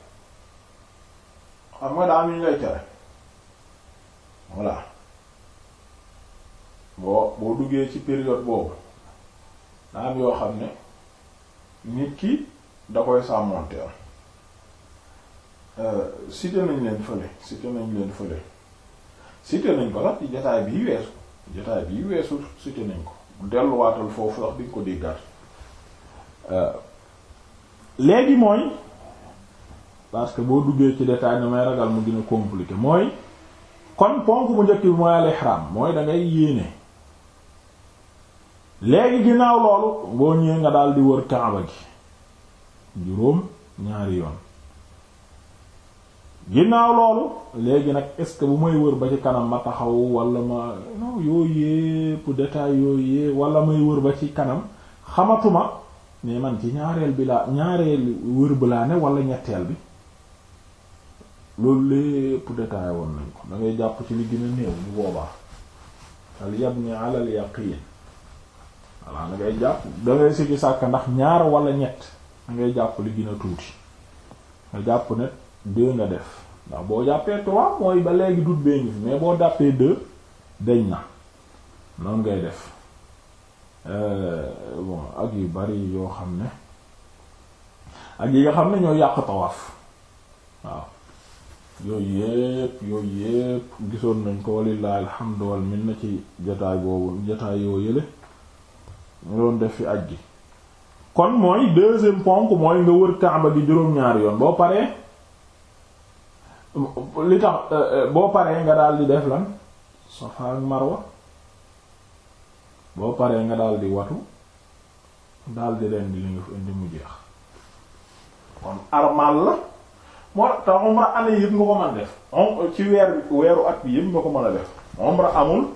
xam nga daa am ñu lay tere voilà boo boo duggee ci période boobu daa am yoo xam ne nit ki da koy sàmmonteel cité nañ leen fële cité nañ leen fële cité nañ ko la ci jotaay bii weesu jotaay bi weesu cité nañ ko delluwaatul foofu wax bi nga ko déggaat euh, léegi mooy parce boo duggee ci détail na may ragal mu gën a mooy kon ponk bu njëkk bi mooy al ihram mooy da yéene léegi ginnaaw loolu boo ñëwee nga daal di wër kaaba gi juróom ñaari yoon ginnaaw loolu léegi nag est-ce que bu may wër ba ci kanam ma taxaw wala ma non yooyu yëpp détail yooyu yëpp wala may wër ba ci kanam xamatuma mais man ci ñaareel bi laa ñaareel wër bi laa ne wala ñetteel bi loolu lépp détail woon nañ ko da ngay jàpp ci li gën a néew bu boobaa al yabni ala al yaqin voilà na ngay jàpp da si sikki sàkk ndax ñaar wala ñett da ngay jàpp li gën a tuuti nga jàpp ne deux nga def ndax boo jàppee trois mooy ba léegi dut bee ngi fi mais boo jàppee deux deñ na noonu ngay def euh, bon ak yu bari yoo xam ne ak yi nga xam ne ñoo yàq tawaaf waaw yooyu yépp yooyu yépp gisoon nañ ko walilah alhamdu wal na ci jotaay boobu jotaay yoo yële ñu doon def fi aj gi kon mooy deuxième ponk mooy nga wër kaaba gi juróom-ñaari yoon boo paree li tax euh, euh, boo paree nga daal di def lan Safa ak Marwa boo paree nga daal di watu daal di leen di li nga fa indi mu jeex kon armal la moo tax umra année yëpp nga ko mën def um, ci weer weeru at bi yëpp nga ko mën a def umra amul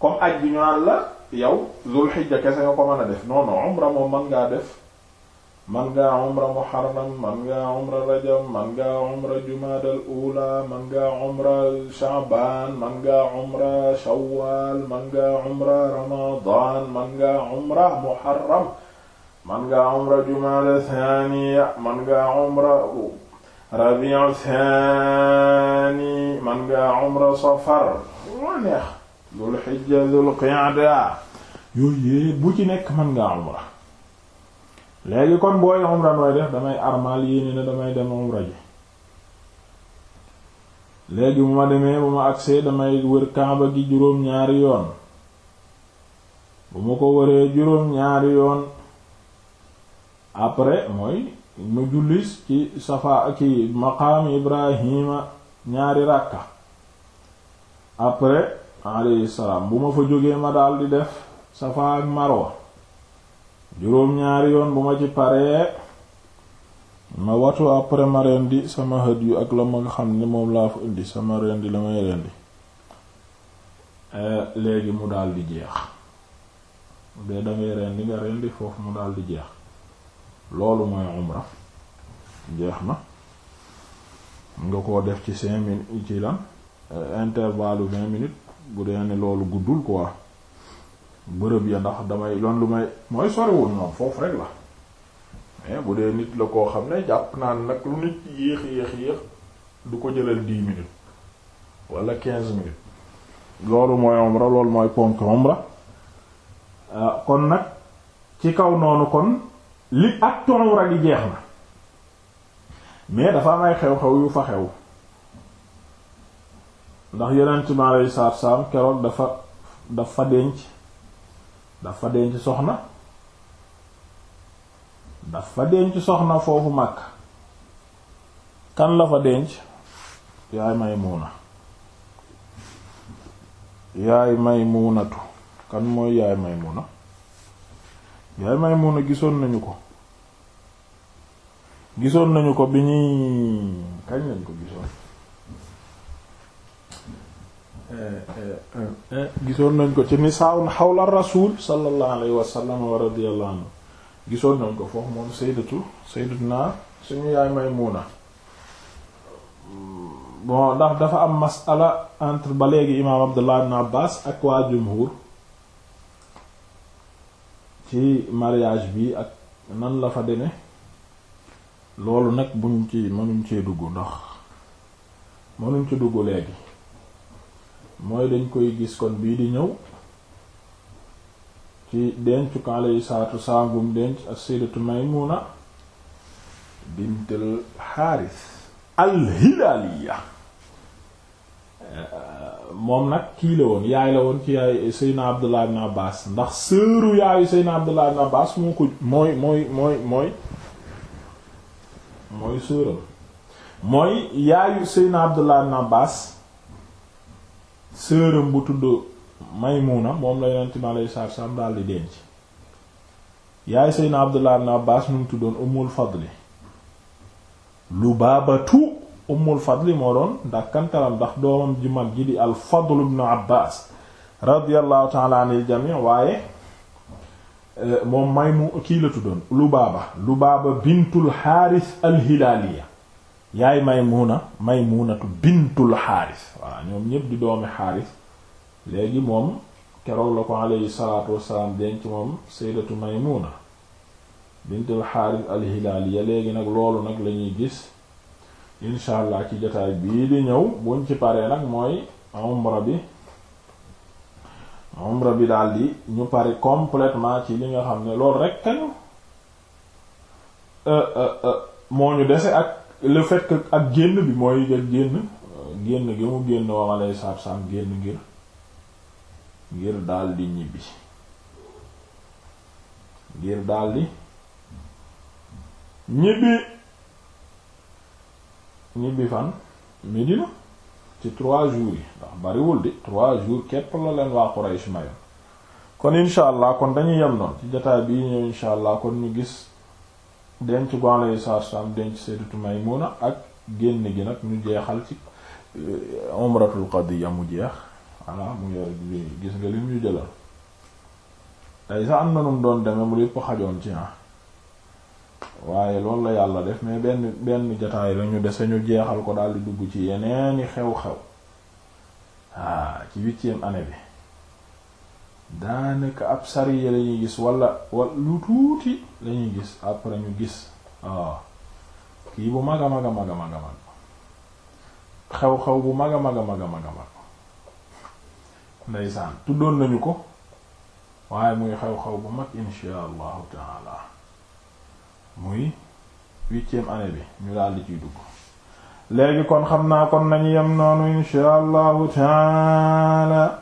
comme aj bi ñu naan la yow Zul Hijja kese nga ko mën a def non non umra moom mën ngaa def man ngaa umra muharram man ngaa umra rajab man ngaa umra jumaadal ula man ngaa umra sha'ban man ngaa umra shawwal man ngaa umra ramadan man ngaa umra muharram man ngaa umra jumaadal thaniya man ngaa umra rabi'u thani man ngaa umra safar loo neex dul hijja dul qa'da yooyu bu ci nekk man ngaa umra léegi kon booy umra nooy def damay armal yéene ne damay dem umra ji léegi bu ma demee bu ma agsee damay wër kaaba gi juróom-ñaari yoon bu ma ko wëree juróom-ñaari yoon après mooy ma jullis ci safa ak maqaam ibrahima ñaari ràkka après alayhi salaam bu ma fa jógee ma daldi def safa ak marwa juróom-ñaari yoon bu ma ci paree ma watu après ma rendi sama hëd yu ak la ma xam ni moom laa fa indi sama rendi la may rendi eh, léegi mu dal di jeex de dangay rendi nga rendi foofu mu dal di jeex loolu mooy umra jeex na nga koo def ci cinq minutes ci lan eh, intervalle vingt minutes bu dee ne loolu guddul quoi bërëb ya ndax damay yoon lu may mooy soriwul moom foofu rek la mais eh, bu dee nit la koo xam ne jàpp naan nag lu nit yéex yéex yéex du ko jëlal dix minutes wala quinze minutes loolu mooy umra loolu mooy ponk umra ah, kon nag ci kaw noonu kon li ak umra gi jeex na mais dafa am xew-xew yu fa xew ndax yeneen ci ma lay saar saam keroog dafa dafa denc dafa denc soxna dafa denc soxna foofu mag kan la fa denc yaay Maymuna yaay Maymunatu kan mooy yaay Maymuna yaay Maymuna gisoon nañu ko gisoon nañu ko bi ñuy kañ lañ ko gisoon Eh, eh, eh. gisoon nañ ko ci nisaa'un xawla rasul sallallahu alayhi wa sallam wa radiyallahu anhu gisoon nañ ko foofu moom sayyidatu naa suñu yaay Maymuna bon ndax dafa am masala entre ba léegi imaam Abdullah ibn Abbas ak waa jumhur ci mariage bi ak nan la fa deme loolu nag buñ ci mënuñ cee dugg ndax mënuñ ci dugg léegi mooy dañ koy gis kon bii di ñëw ci dencu ko alayhi salaatu saangum denc as-sayyidatu Maymuna bintul Haaris al moom nag kii la woon yaay la woon ci yaay Seydina Abdullah ibn ndax sëru yaayu Seydina Abdullah ibn moo ko mooy mooy mooy mooy mooy mooy yaayu Seydina Abdullah ibn sëram bu tudd Maymuna moom la yonent mi alayhi salaatu salaam daal di denc yaay Seydina Abdullah ibn Abbas nu mu tuddoon Ummul Fadli Lubaabatu Ummul Fadli moo doon ndàkkantalam ndax doomam ji mag ji di al Fadl ibn Abbas radiyallahu ta'ala anil jami' waaye eh, moom Maymu kii la tuddoon Lubaaba Lubaaba bintul Haaris al-Hilaaliya yaay Maymuna Maymunatu bintul Xaaris voilà ñoom ñépp di doomi Xaaris léegi moom keroog la ko alayhi salaatu wassalaam denc moom sayyidatu Maymuna bintul Xaaris al léegi nag loolu nag lañuy gis incha allah ci jotaay bii di ñëw buñ ci pare nag mooy umra bi umra bi daal di ñu pare complètement ci li nga xam ne loolu rek kañu euh, euh, euh, moo ñu dese ak le fait ak génn bi mooy ak génn génn gi mu génn wa alayhi salaam génn ngir ngir daldi ñibbi ngir daldi ñibbi ñibbi fan Medina ci trois jours yi ndax bariwul di trois jours képp la leen waa Quraysh mayoon kon insha allah kon dañuy yem noonu ci jotaay bii insha allah kon ñu gis denc gu alayhi salaatu wassalaam denc sayyidatu Maymuna ak génn gi nag ñu jeexal ci euh, umratul qadiya mu jeex voilà mu yor gis nga li ñu jëlal day sax am na nu doon demee mu lépp xajoon ci ah waaye loolu la yàlla def mais benn benn jataay lañu dese ñu jeexal ko daldi dugg ci yeneen yeneeni xew-xew ah ci huitième année bi daanaka ab sariya lañuy gis wala wala lu tuuti lañuy gis après ñu gis kii bu mag a mag a mag a mag a xew-xew bu mag a mag a mag a mag a mag ndeysaan tuddoon nañu ko waaye muy xew-xew bu mag insha allahu taala muy huitième année bi ñu daldi ciy dugg léegi kon xam naa kon nañu yem noonu insha allahu taala